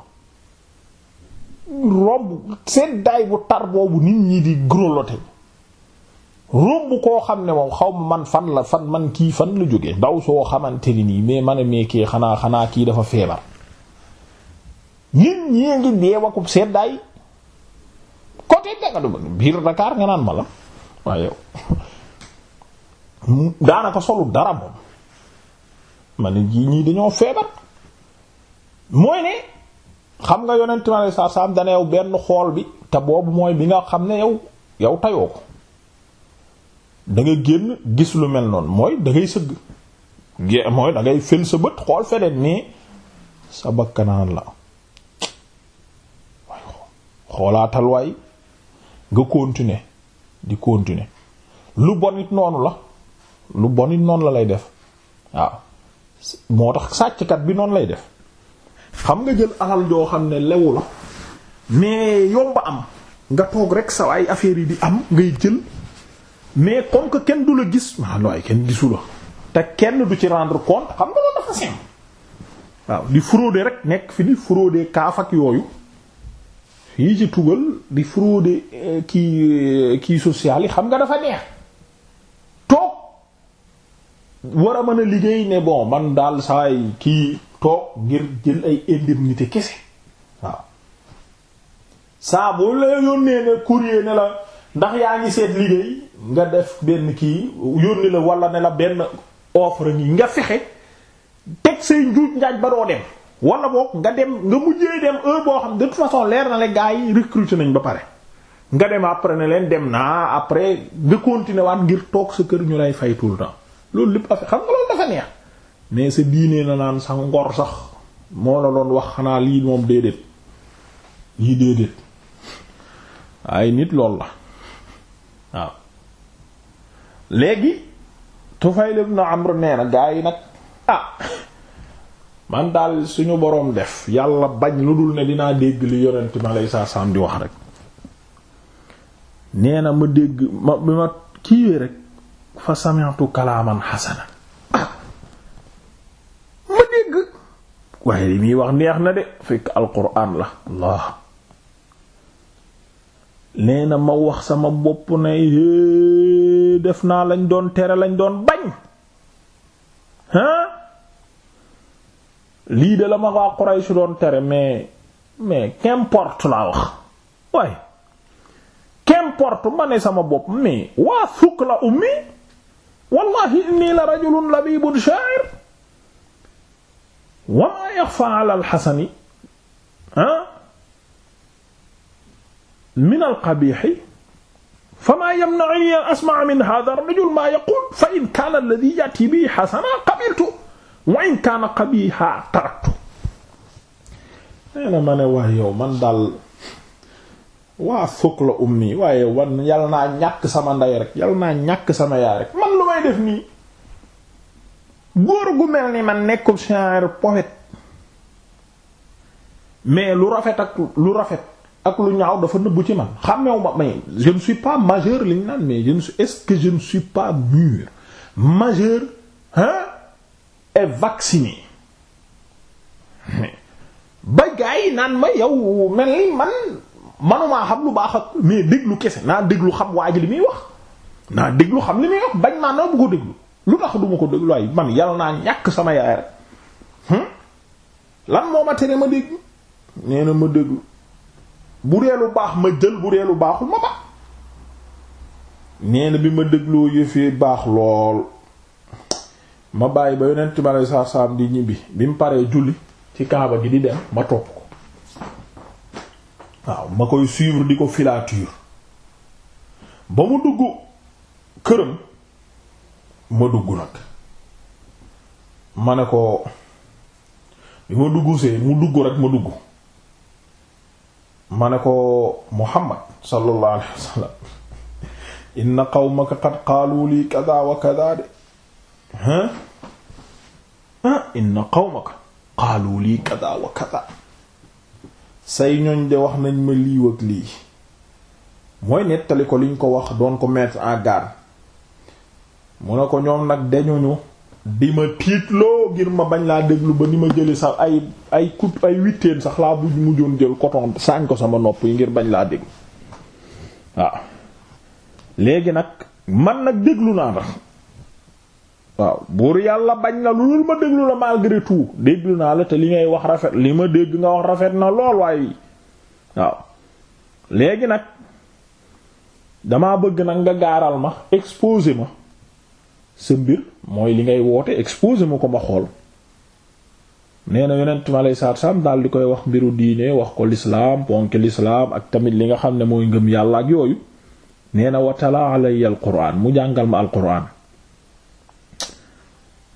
romb seddaay bu tar boobu nit ñi di groloté romb koo xam ne moom xaw ma man fan la fan man kii fan la jóge ndaw soo xamante ni nii mais man a meekee xanaa xanaa kii dafa feebar nit ñi ngi deewakub seddaay côté danga du biir Dakar nga naan ma la waaye daanaka solu dara moom ma ne ji dañoo feebar mooy ne xam nga yonent ma ne sarsam dana yow benn xool bi te boobu mooy bi nga xam ne yow yow tayoo ko da génn gis lu mel noonu mooy da ngay sëgg mooy da ngay fël sa bët xool feneen nii sa bakkanaan la waay xoolaatal waay nga continuer di continuer lu bon it noonu la lu bon it noonu la lay def waaw moo tax sàcckat bi noonu lay def xam nga jël alal joo xam ne lewu la mais yomba am nga toog rek sa ay affaires yi di am ngay jël mais comme que kenn du la gis ah nooy kenn gisu la te kenn du ci rendre compte xam nga loolu dafa simple waaw di frauder rek nekk fi di frauder kaaf yooyu fii ci tugal di frauder eh, kii eh, kii social yi xam nga dafa neex toog war a mën a liggéey ne bon man daal saay kii toog ngir jël ay indemnité kese waaw saa boo la yónnee ne courrier ne la ndax yaa ngi seet liggéey nga def benn kii yónni la wala ne la benn offre ngi nga fexe teg say njuuj njaaj ba doo dem wala boog nga dem nga mujjee dem heure boo xam de façon leer na la gars yi recruter nañ ba pare nga dem après ne leen dem naa après nga continuer ngir toog sa kër ñu lay fay tout temps loolu lépp affaire xam nga loolu dafa neex mais sa diine na naan sa ngor sax moo la doon wax xanaa lii moom déedéet lii déedéet ay nit lool la waaw léegi Tufayl ibn Amr nee na gaa yi nag ah man daal suñu boroom def yàlla bañ lu dul ne dinaa dégg li yonent ma lay saa saam di wax rek nee ma dégg ma bi ma kiiwee rek fa sami'tu kalaaman xasana ma dégg waaye li muy wax neex na de fekk alquran la Allah nee ma wax sama bopp ne é def naa lañ doon tere lañ doon bañ ah lii de la ma waa Quraysh doon tere mais mais qu'importe laa wax waaye qu'importe ma ne sama bopp mais waa sukk la ummi wallahi inni la rajulun labibun sha'ir wa ma yaxfa ala alxasani ah min alqabixi fama yamna'uni an asma'a min hadha ar-rajul ma yaqul fa in kana alladhi ya'ti bi hasana qabiltu wa in kana qabiha taraktu nee na ma ne waaye yow man daal waa foog la mii waaye wan yal naa ñàkk sama ndey rek yal naa ñàkk sama yaay rek man lu may def nii góor gu mel ni man nekku genre poète mais lu rafet ak lu rafet ak lu ñaaw dafa nëbbu ci man xàmmeewu ma mais je ne suis pas majeur li ñu naan mais je ne suis est-ce que je ne suis pas mûr majeur hein et vacciné ba gars naan ma yow mel ni man. manumaa xam lu baax ak mais déglu kese naa déglu xam waa ji li muy wax naa déglu xam li muy wax bañ naa naa bu ko déglu lu tax du ko déglu ay man yàlla naa ñàkk sama yaay rek hmm? lan moo ma tere ma déglu nee na ma déglu bu dee baax ma jël bu dee lu baaxul ma baax nee bi ma dégloo yëfee baax lool ma bàyyi ba yonent ma lay saa di ñibbi bi mu paree julli ci kaaba gi di dem ma topp ko waaw ma koy suivre di ko filature ba mu dugg këram ma dugg nag ma ne ko bi ma dugg mu dugg rek ma dugg ma ne ko Muhammad sallallahu alayhi wa sallam inna qawmaka qad qaalu lii kada wa kada de ha inna qawmaka qaalu lii kada wa kada say ñoñ de wax nañ ma lii ak lii mooy nettali ko liñ ko wax doon ko mettre en garde mu ne ko ñoom nag dañuñu di ma tiitloo ngir ma bañ laa déglu ba ni ma jëli sax ay ay coup ay witteen sax laa mu joon jël coton saañ ko sama nopp yi ngir bañ laa déglu waaw léegi nag man nag déglu naa ndax waaw buur yàlla bañ na lu dul ma déglu la malgré tout déglu naa la te li ngay wax rafet li ma dégg nga wax rafet na lool waaye waaw léegi nag damaa bëgg nag nga gaaral ma exposer ma sa mbir mooy li ngay woote exposer mu ko ma xool nee na yonent mi aleyhi salaatu salaam daal di koy wax mbiru diine wax ko lislaam ponk lislaam ak tamit li nga xam ne mooy ngëm yàlla ak yooyu nee na watala alayya alquran mu jàngal ma alquran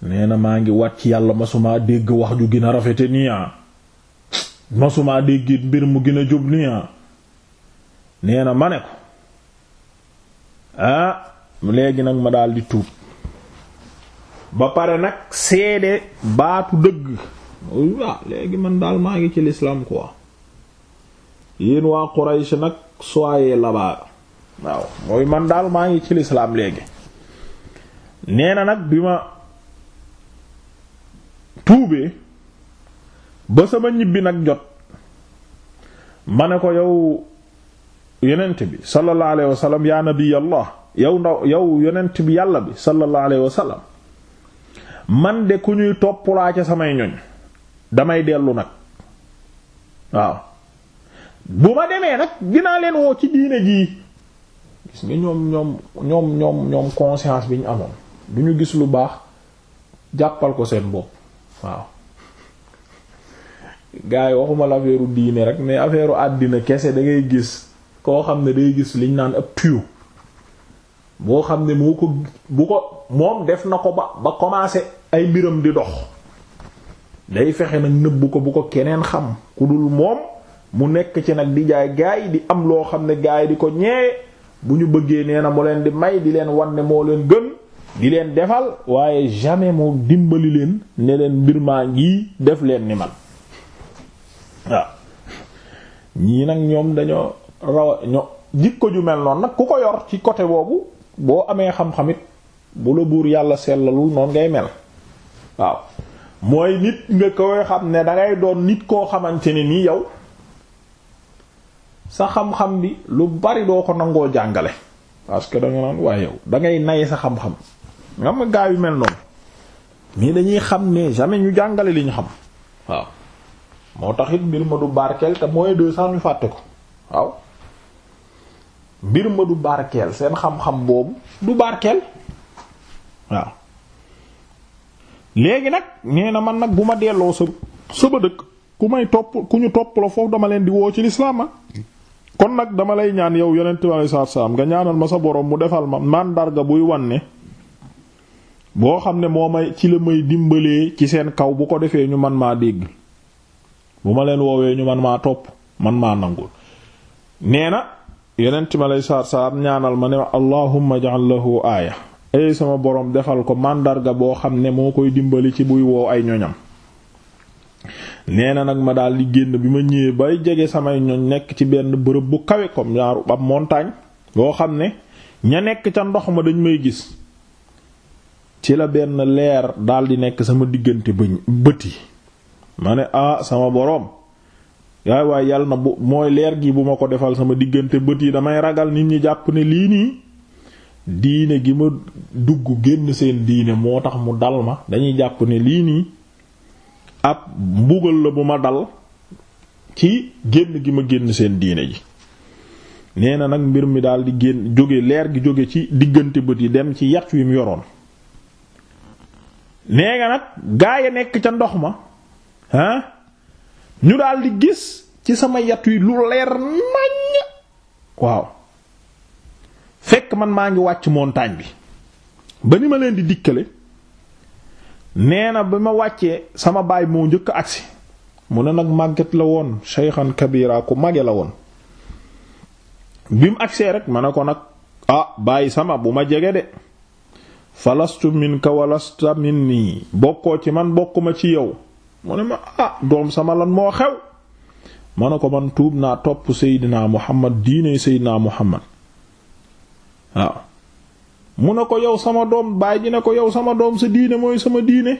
nee na maa ngi wat ci yàlla masumaa dégg wax ju gën a rafete nii ah masumaa déggit mbir mu gën a jub nii ah nee na ma ne ko ah, léegi nag ma daldi tuub ba pare nag seede baatu dëgg léegi man daal maa ngi ci l'islam quoi yéen waa Quraysh nag soyez là-bas waaw mooy man daal maa ngi ci l'islam léegi nee nag bi ma tuubee ba sama ñibbi nag jot ma ne ko yow yonent bi sallallahu alayhi wa sallam yaa nabiyallah yow ndaw yow yonent bi yàlla bi sallallahu alayhi wa man de ku ñuy toppalaa ca samay ñoñ damay dellu nag waaw bu ma demee nag dinaa leen woo ci diine jii gis nga ñoom ñoom ñoom ñoom ñoom bi ñu amoon du ñu gis lu baax jàppal ko seen bopp waaw gars yi waxuma la affaire diine rek mais affaire àddina kese da ngay gis koo xam ne day gis liñ naan ab tuyau boo xam ne moo ko bu ko moom def na ko ba ba commencé ay mbiram di dox day fexe nag nëbb ko bu ko keneen xam ku dul moom mu nekk ci nag di jaay gars yi di am loo xam ne gars yi di ko ñeewe bu ñu bëggee nee na mu leen di may di leen wan ne moo leen gën di leen defal waaye jamais moom dimbali leen ne leen mbir maa ngi def leen ni mag waaw ñii nag ñoom dañoo raw ño jikko ju mel noonu nag ku ko yor ci côté boobu boo amee xam-xamit bu la buur yàlla sellalul noonu ngay mel waaw mooy nit nga koy xam ne dangay doon nit koo xamante ne nii yow sa xam-xam bi lu bari doo ko nangoo jàngale parce que danga naan waaye yow dangay nay sa xam-xam nga ma gaa yu mel noonu mais dañuy xam ne jamais ñu jàngale li ñu xam waaw moo tax mbir ma du barkeel te mooy deux cent ñu fàtte ko waaw mbir ma du barkeel seen xam-xam boobu du barkeel waaw léegi nag nee na man nag bu ma delloo sa saba dëkk ku may topp ku ñu topp la foofu dama leen di woo ci ma ah. kon nag dama lay ñaan yow yonent bi sallallahu alayhi wasallam nga ñaanal ma sa borom mu defal ma mandarga buy wan ne boo xam ne moo may ci la may dimbalee ci seen kaw bu ko defee ñu man maa dégg bu ma leen woowee ñu man maa topp man maa nangul nee na yonent ma lay saar saar ñaanal ma ne allahumma ja'al lahu aaya ay sama boroom defal ko màndarga boo xam ne moo koy dimbali ci buy woo ay ñoñam nee na nag ma daal di génn bi ma ñëwee bay jege samay ñoñ nekk ci benn bërëb bu kawe comme yaaru ab montagne boo xam ne ña nekk ca ndox ma dañ may gis ci la benn leer daldi nekk sama diggante bëñ bëti ma ne ah sama boroom yaay waaye yàlla na bu mooy leer gi bu ma ko defal sama diggante bët yi damay ragal nit ñi jàpp ne lii nii diine gi ma dugg génn seen diine moo tax mu dal ma dañuy jàpp ne lii nii ab mbugal la bu ma dal ci génn gi ma génn seen diine ji nee na nag mbir mi daal di génn jóge leer gi jóge ci diggante bët yi dem ci yàq wi mu yoroon nee nga nag gaa yi nekk ca ndox ma ah ñu daal gis ci sama yat wi lu leer naññ waaw fekk man maa ngi wàcc montagne bi ba ni ma leen di dikkale nee na ba ma wàccee sama baay moo njëkk agsi mu ne nag màgget la woon shaykhan kabira ku mage la woon bi mu agsee rek ma ne ko nag ah bàyyi sama bu ma jege de falastu minka walasta minni bokkoo ci man bokkuma ci yow mu ne ma ah doom sama lan moo xew ma ne ko man tuub naa topp seydinaa muhammad diine seydinaa muhammad waaw mu ne ko yow sama doom baay ji ne ko yow sama doom sa diine mooy sama diine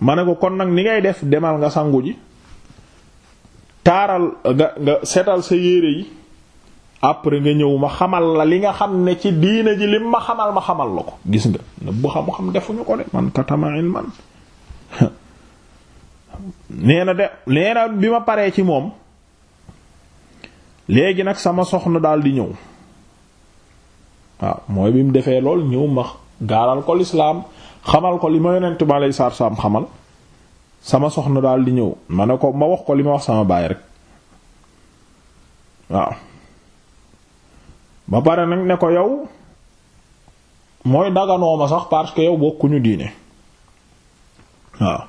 ma ne ko kon nag ni ngay def demal nga sangu ji taaral nga nga setal sa yére yi après nga ñëw ma xamal la li nga xam ne ci diina ji lim ma xamal ma xamal la ko gis nga nëbb xam-xam defuñu ko de man katama ilman nee na de nee bi ma paree ci moom léegi nag sama soxna daal di ñëw waaw mooy bi mu defee lool ñëw ma gaaral ko lislaam xamal ko li ma yonent ma lay saar xamal sama soxna daal di ñëw ma ne ko ma wax ko li ma wax sama baay rek waaw ba pare nag ne ko yow mooy daganoo ma sax parce que yow bokkuñu diine waaw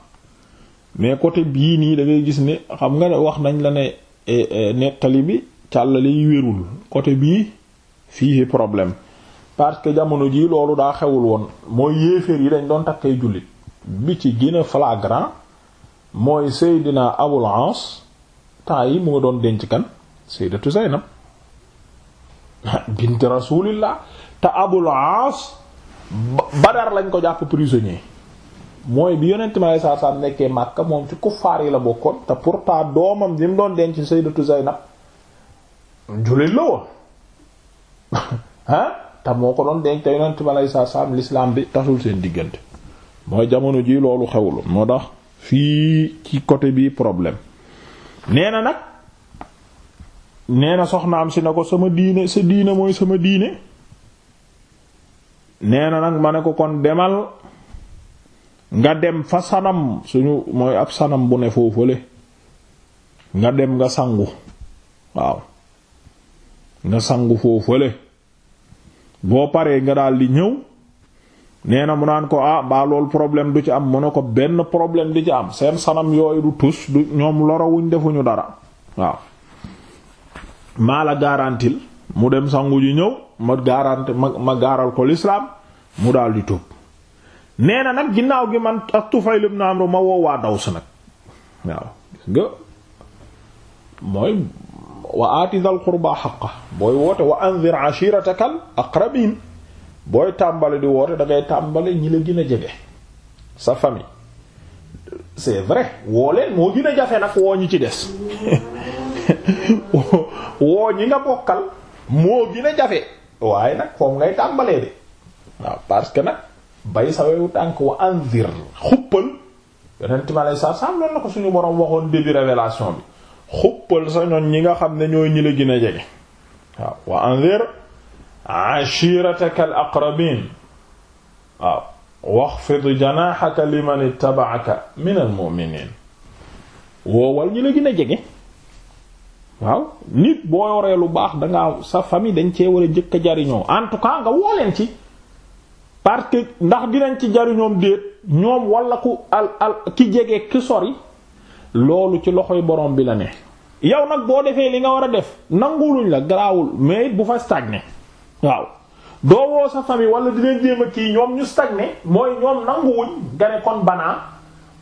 mais côté bii nii da gis ni xam nga ne wax nañ la ne eh, eh, nettali bi càllale yi wérul côté bii fii problème parce que jamono jii loolu daa xewul woon mooy yéeféer yi dañ doon takkay jullit bi ci gën a flagrant mooy Seydina Abul Aas temps yi mu nga doon denc kan de Sayyidatu Zaynab bint rasulillah te abul aas badar lañ ko jàpp prisonnier mooy bi yonent ma lay saa saa nekkee Makka moom ci kuffaar yi la bokkoon te pourtant doomam bi mu doon denc sayyidatu Zaynab jullit la woon ah te moo ko doon denc te yonent ma lay saa saa l'islam bi tasul seen diggante mooy jamono ji loolu xewlu moo tax fii ci côté bii problème nee na nag nee na soxnaam si ne ko sama diine sa diine mooy sama diine nee na nag ma ne ko kon demal nga dem fa sanam suñu mooy ab sanam bu ne foofale nga dem nga sangu waaw nga sangu foofale boo paree nga daal di ñëw nee na mu naan ko ah baa loolu problème du ci am mu ne ko benn problème di ci am seen sanam yooyu du tus du ñoom lorowuñ defuñu dara waaw maa la garantil mu dem sangu ji ñëw ma garante ma ma gaaral ko lislaam mu daal di tuub nee nag ginnaaw gi man ak Tufayl ibn Amr ma woo waa Daws nag waaw gis mooy wa aati dhal qurba booy woote wa anzir ashiratakal aqrabin booy tàmbali di woote da ngay tàmbali ñi la gën a jege sa famille c'est vrai woo leen moo gën a jafe nag woo ñu ci des woo ñi nga bokkal moo gën jafe waaye nag foofu ngay tàmbalee de waaw parce que nag bay sa wewu tànk wa anzir xuppal yonent ko suñu borom waxoon début ñi nga xam ne ñooy ñi la gën a jege waaw wa anzir waaw waxfid janaahaka liman ittaba'aka minal mu'minin woowal ñi la gën a jege waaw nit boo waree lu baax dangaa sa famille dañ cee war a jëkk a jariñoo en tout cas nga woo leen ci parce que ndax dinañ ci jariñoom déet ñoom walla ku al al ki jege ki sori loolu ci loxoy borom bi la ne yow nag boo defee li nga war a def nanguluñ la garaawul mais bu fa stagné waaw doo woo sa famille wala dinañ jéem a kii ñoom ñu stagné mooy ñoom nanguwuñ nga ne kon banaa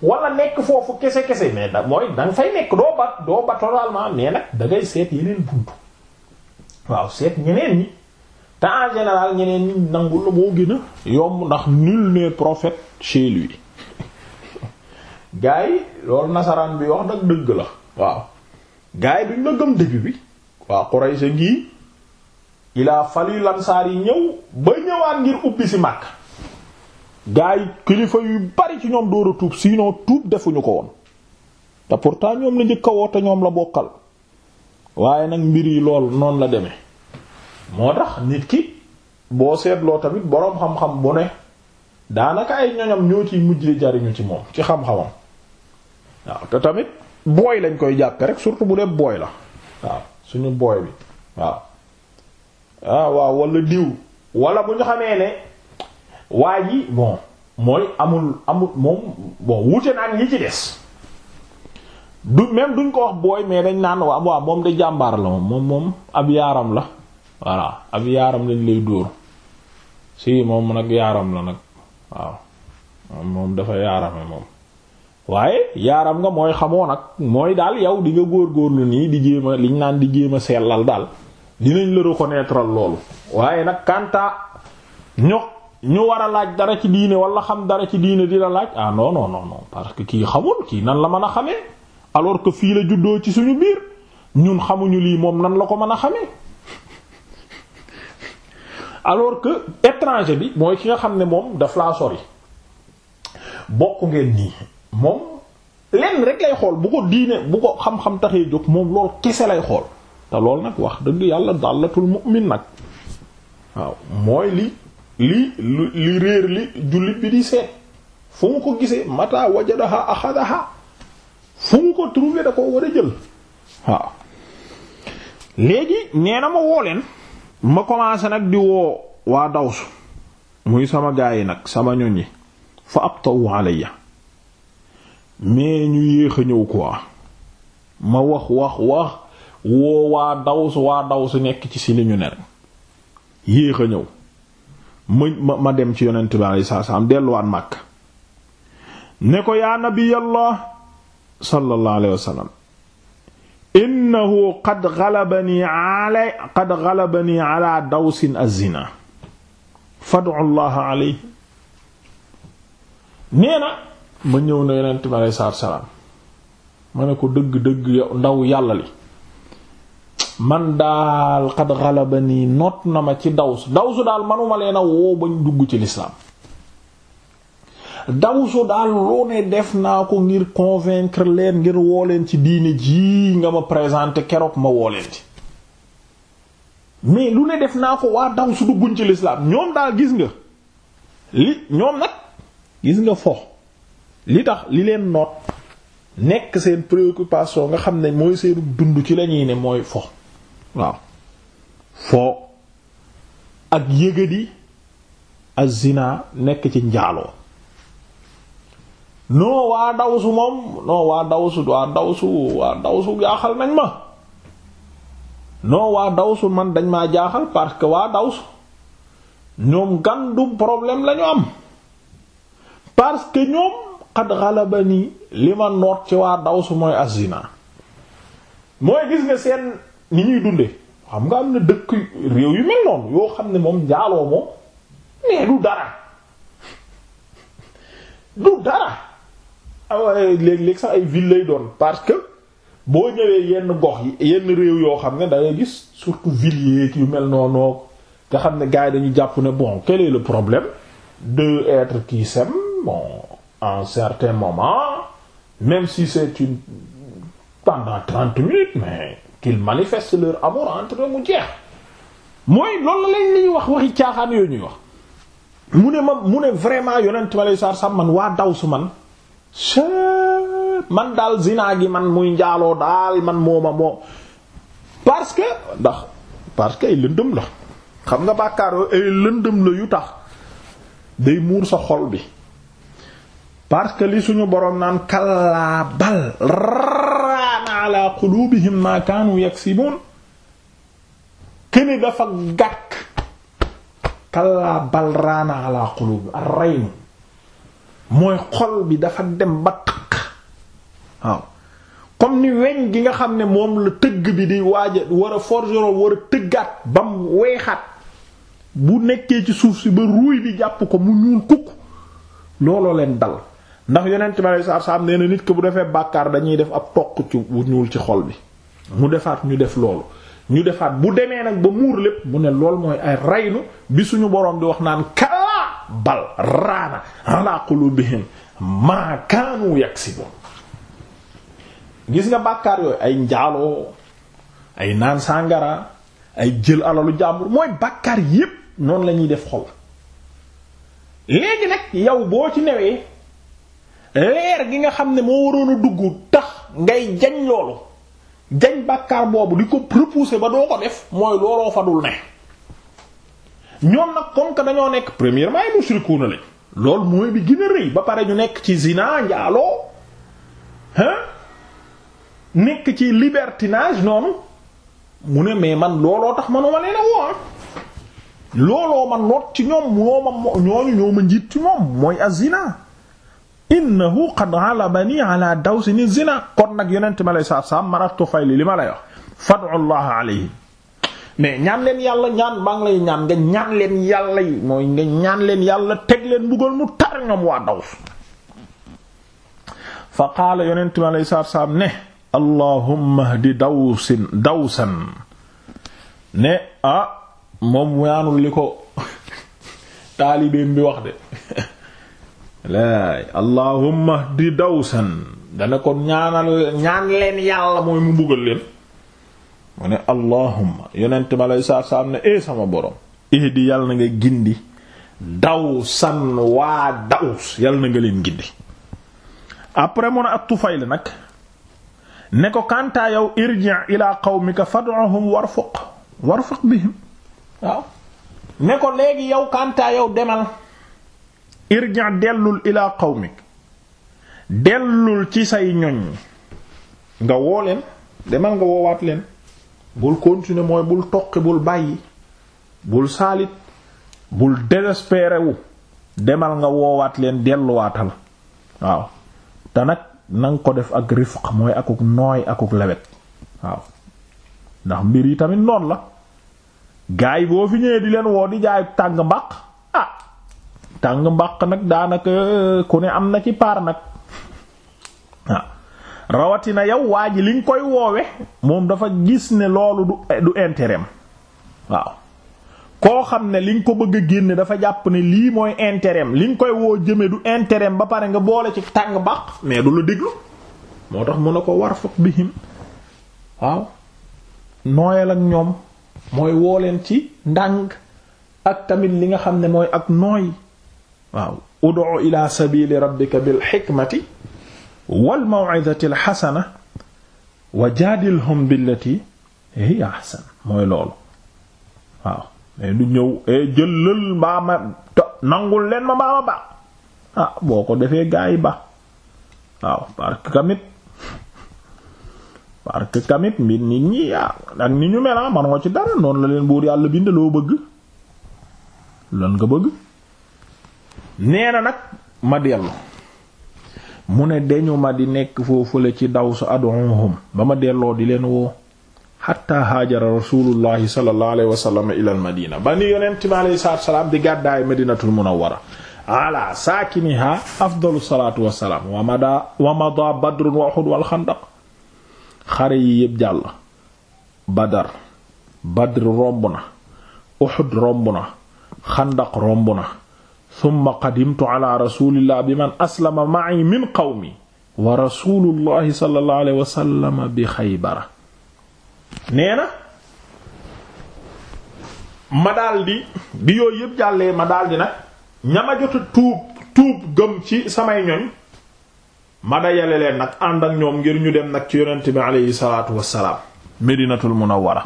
wala nekk foofu kese kese mais da mooy da nga fay nekk doo ba doo ba totalement mais nag da seet yeneen buntu waaw seet ñeneen ñi te en ñeneen ñi nangul la moo gën a yomb ndax nul n'est prophète chez lui gars loolu nasaraan bi wax nag dëgg la waaw gars yi duñ la gëm début bi waaw Quraysh ngi il a fallu yi ñëw ba ñëwaat ngir ubbi si Makka gaa yi kilifa yu bari ci ñoom door a tuub sinon tuub defuñu ko woon te pourtant ñoom la njëkk a te ñoom la bokkal waaye nag mbir yi lool noonu la deme moo tax nit ki boo seetloo tamit boroom xam-xam bu daanaka ay ñoñam mujj jariñu ci moom ci xam-xamam tamit booy lañ koy jàppe rek surtout bu dee booy la waaw suñu booy bi waaw ah, waaw wala diw wala bu ñu xamee ne. waa ji bon mooy amul amul moom bon wuute naa ak ñi ci des du même duñ ko wax booy mais dañ naan waaw moom de jàmbaar la moom moom ab yaaram la voilà ab yaaram lañ lay dóor si moom nag yaaram la nag waaw moom dafa yaarame moom waaye yaaram nga mooy xamoo nag mooy daal yow di nga góorgóorlu nii di jéem a liñ naan di jéem a sellal daal dinañ la reconnaître loolu waaye nag kanta ñoq ñu war a laaj dara ci diine wala xam dara ci diine di la laaj ah non non parce que kii xamul kii nan la mën a xamee alors que fii la juddoo ci suñu biir ñun xamuñu lii moom nan la ko mën a xamee alors que étranger bi mooy ki nga xam ne moom daf laa sori bokk ngeen nii moom lenn rek lay xool bu ko diine bu ko xam-xam taxee jóg moom lool kese lay xool te lool nag wax dëgg yàlla dàllatul mu'min nag waaw mooy li li li réer li jullit bi di seet fu mu ko gisee mata wajadaha axadaha fu mu ko trouvé da ko war a jël waaw léegi nee na ma woo ma commencé nag di woo waa dawsu muy sama gaay yi nag sama ñoñ yi fa ab tawu alayya mais ñu yéex a ñëw quoi ma wax wax wax woo waa dawsu waa dawsu nekk ci si li ñu ne rek yéex a ñëw ma ma dem ci yonent bi alayhi salaam delluwaat Makka ne ko yaa nabiyallah sallallahu innahu qad ghalabani ala qad ghalabani ala dawsin az fad'u allaha alayhi nee na ma ñëw na yonent bi alayhi salaam ma ne ko dëgg-dëgg yow ndaw yàlla li man daal xad xalaba nii noot na ma ci daw dawsu daal manuma leena woo bañ dugg ci lislaam dawsu daal loo ne def naa ko ngir convaincre leen ngir woo leen ci diine jii nga ma présenter keroog ma woo leen ci mais lu ne def naa ko waa dawsu dugguñ ci lislaam ñoom daal gis nga li ñoom nag gis nga fo li tax li leen noot nekk seen préoccupation nga xam ne mooy seenu dund ci lañuy ne mooy fo waaw foo ak yëgadi azina nekk ci njaaloo non waa dawsu moom non waa dawsu waa dawsu waa dawsu jaaxal nañ ma non waa dawsu man dañ maa jaaxal parce que waa dawsu ñoom gàndu problème lañu am parce que ñoom xad xalabani li ma noot ci waa dawsu mooy azina mooy gis nga seen ni ñuy dunde xam nga am na dëkk réew yu mel noonu yoo xam ne moom njaaloo moom mais du dara du dara ah léeg sax ay ville lay doon parce que boo ñëwee yenn gox yenn réew yoo xam ne dangay gis surtout ville yeeg yu mel noonu nga xam ne gars yi dañu jàpp ne bon quel est le problème de être qui s'aime bon en certain moment même si c'est une pendant trente minutes mais qu'ils manifestent leur amour entre eux mu jeex mooy loolu lañ liy wax waxi caaxaan yooyu ñuy wax mu ne ma mu ne vraiment yonent ma lay sar sam man waa daw su man man daal zinaa gi man muy njaaloo daal man mooma moo parce que ndax parce que ay lëndëm la xam nga bàkkaar yooyu ay lëndëm la yu tax day muur sa xol bi parce que li suñu boroom naan kallaa ala qulubihim ma kaanu yaksibun kene dafa gàkk kallaa bal raana ala qulubi ar raynu mooy xol bi dafa dem ba takk waaw comme ni weñ gi nga xam ne moom la tëgg bi di waaja war a forgeron war a tëggaat ba weexaat bu nekkee ci suuf si ba ruuy bi jàpp ko mu ñuul kukk looloo leen dal ndax yonent bi aleyhi salaatu salaam nee na nit ki bu defee bàkkaar dañuy def ab toq ci bu ñuul ci xol bi mu defaat ñu def loolu ñu defaat bu demee nag ba muur lépp mu ne lool mooy ay raynu bi suñu boroom di wax naan kalaa bal raana ala qulubihim maa kaanu yaksibun gis nga bàkkaar yooyu ay njaaloo ay naan sàngara ay jël alalu jàmbur mooy bàkkaar yépp noonu la ñuy def xol léegi nag yow boo ci newee leer gi nga xam ne moo waroon a dugg tax ngay jañ loolu jañ bàkkaar boobu di ko repousser ba doo ko def mooy looloo fa dul ne ñoom nag comme dañoo nekk premièrement ay mushrikuuna lañ loolu mooy bi gën a rëy ba pare ñu nekk ci zina njaaloo hein nekk ci libertinage noonu mu ne mais man looloo tax manuma leen a looloo ma noot ci ñoom ñoo ma ñooñu ñoo ma njiit ci ñoom mooy azina innahu qad ghalabani ala dawsini zina kon nag yonent ma lay saaf saaf man ak Tufayli li ma lay wax fad'u Allah alayhi mais ñaan leen yàlla ñaan maa lay ñaan nga ñan leen yàlla yi mooy nga ñaan leen yàlla teg leen mbugal mu tar ñoom waa Daws fa qaala yonent mi aleyhi salaatu salaam ne allahumma hdi dawsin dawsan ne ah moom ñaanul li ko taalibeem bi wax de laay allahumma di dawsan dana ko ñaanal ñaan leen yàlla mooy mu buggal leen mu ne allahumma yonent ma lay ne ee sama borom ihdi yàlla na nga gindi dawsan waa daws yàlla na nga leen gindi après mu ne ak tufayl nag ne ko kantaa yow irji' ila qawmika fad'uhum warfuq warfuq bihim waaw ne ko léegi yow kantaa yow demal irja dellul ila qawmik dellul ci say ñoñ nga woo leen demal nga woowaat leen bul continuer mooy bul toqi bul bàyyi bul saalit bul désespéré demal nga woowaat leen delluwaatal waaw te nag nanga ko def ak rifq mooy akuk nooy akuk lewet waaw ndax mbir yi tamit noonu la gaay boo fi ñëwee di leen woo di jaay tàng mbaq ah, tàng mbàq nag daanaka euh, ku ne am na ci paar nag waaw ah. rawatina yow waa ji li nga koy woowe moom dafa gis ne loolu du du waaw koo xam ne li nga ko bëgg a génne dafa jàpp ne lii mooy intérêt li nga koy woo jëme du intérêt ba pare nga boole ci tàng mbàq mais du la déglu moo tax mun a ko war fokk bihim waaw nooyal ak ñoom mooy woo leen ci ndàng ak tamit li nga xam ne mooy ak nooy waaw ud'u ila sabili rabbika bil hikmati wal maw'izati al hasana wa jaadilhum billati hiya ahsan mooy loolu waaw mais du ñëw eh, jëlal mbaa to nangul leen ma mbaa ba ah boo ko defee gaa ba waaw parce que tamit parce que tamit mbir nit ñi yaa ah, ak ni ñu mel ah, man ci dara noonu la leen buur yàlla bind loo bëgg lan nga bëgg nee na nag ma dellu mu ne dañu ma di nekk foofu la ci daw su ad'uhum ba ma delloo di leen woo xatta haajara rasulullahi sallallahu alayhi wa ila al madina ba ni yonent wasalaam di gàddaay madinatul munawwara ala saakiniha afdalu salaatu wasalaam wa mada wa mada badrun wa uhud wal xandaq xare yi yépp jàll badar badr romb na uhud romb na xandaq romb na summa qadimtu ala rasulillah bi man aslama ma'i min qawmi wa rasulullahi sallallahu bi xaybara nee na ma daldi bi yooyu yëpp jàllee ma daldi nag ñama jot tuub tuub gëm ci samay ñoñ ma dajale leen nag ànd ñoom ngir ñu dem nag ci yonent bi aleyhi salaatu wassalaam medinatul munawwara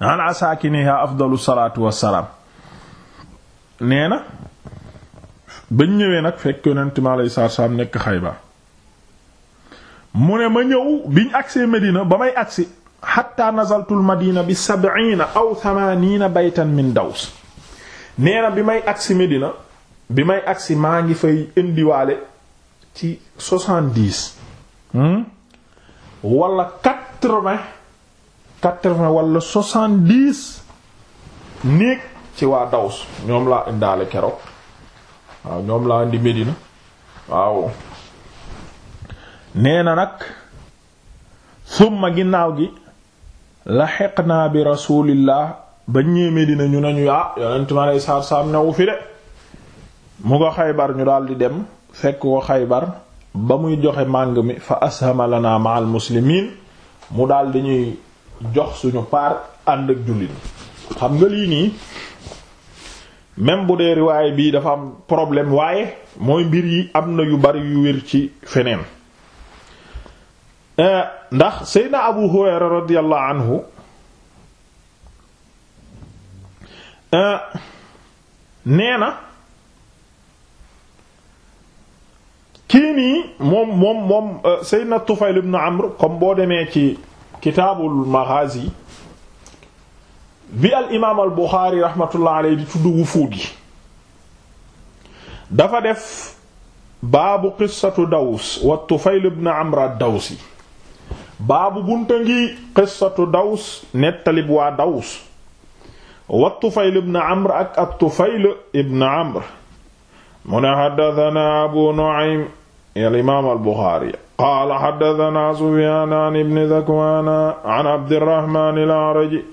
an asakiniha afdalu salaatu wassalaam nee na bañ ñëwee nag fekk yonent mi alayhi salaatu nekk Xaybar mu ne ma ñëw biñ agsee Medina ba may agsi xatta nazaltul Madina bi sab'iina aw thamaaniina baytan min daws nee na bi may agsi Medina bi may agsi maa ngi fay indiwaale ci soixante-dix hmm? wala quatre-vingts néeg ci waa daws ñoom laa indaale keroog waaw ñoom laa indi Médina waaw nee na nag summa ginnaaw gi la laxiqnaa bi rasulillah ba ñëwee Médina ñu nañu ah yonent ma lay saar saam newu fi de mu nga xaybar ñu daldi dem fekk ko xaybar ba muy joxe màng mi fa ashama lana ma al muslimin mu daldi ñuy jox suñu paar ànd ak jullit xam nga lii nii même bu dee bii dafa am problème waaye mooy mbir yi am na yu bari yu wér ci feneen eh, ndax seydna abu hurayra radiyallahu anhu eh, nee na kii nii moom moom moom eh, seydna tufayl ibn amr comme boo demee ci kitaabul maghazi bi al imaam al Buxaari rahmatullah alayhi di tudd wufuud yi dafa def baabu qissatu Daws wa Tufayl ibn Amr ad-Dawsi baabu bunta ngi qissatu Daws nettalib waa Daws wa Tufayl ibn Amr ak at-Tufayl ibn Amr mu ne haddathana Abu Nu'aym al imaam al Buxaari qaala haddathana Sufyaan an ibn Zakwaana an Abdirrahmaan al-A'raji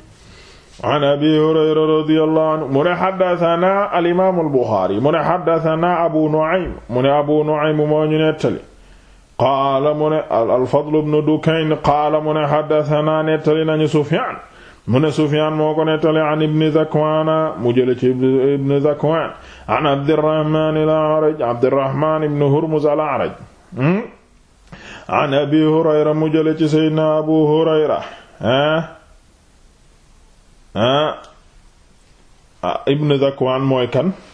an abi hurayra radiyallahu anhu mu ne xaddatanaa alimamu alboxaari mu ne xaddatanaa abu nuaym mu ne abu nuaym moo ñu nettali qaala mu ne alfadl bnu dukayn qaala mu ne xaddatanaa nettali nañu sufyaan mu ne sufyaan moo ko nettali an ibni zakwaana mu jële ci ibni zakwaan an abdirahman al-a'raj abdirahman ibn hurmuz al-a'raj hmm? an abi hurayra mu jële ci sayyidina abu hurayra Ah, ah Ibn Zakwan mooy kan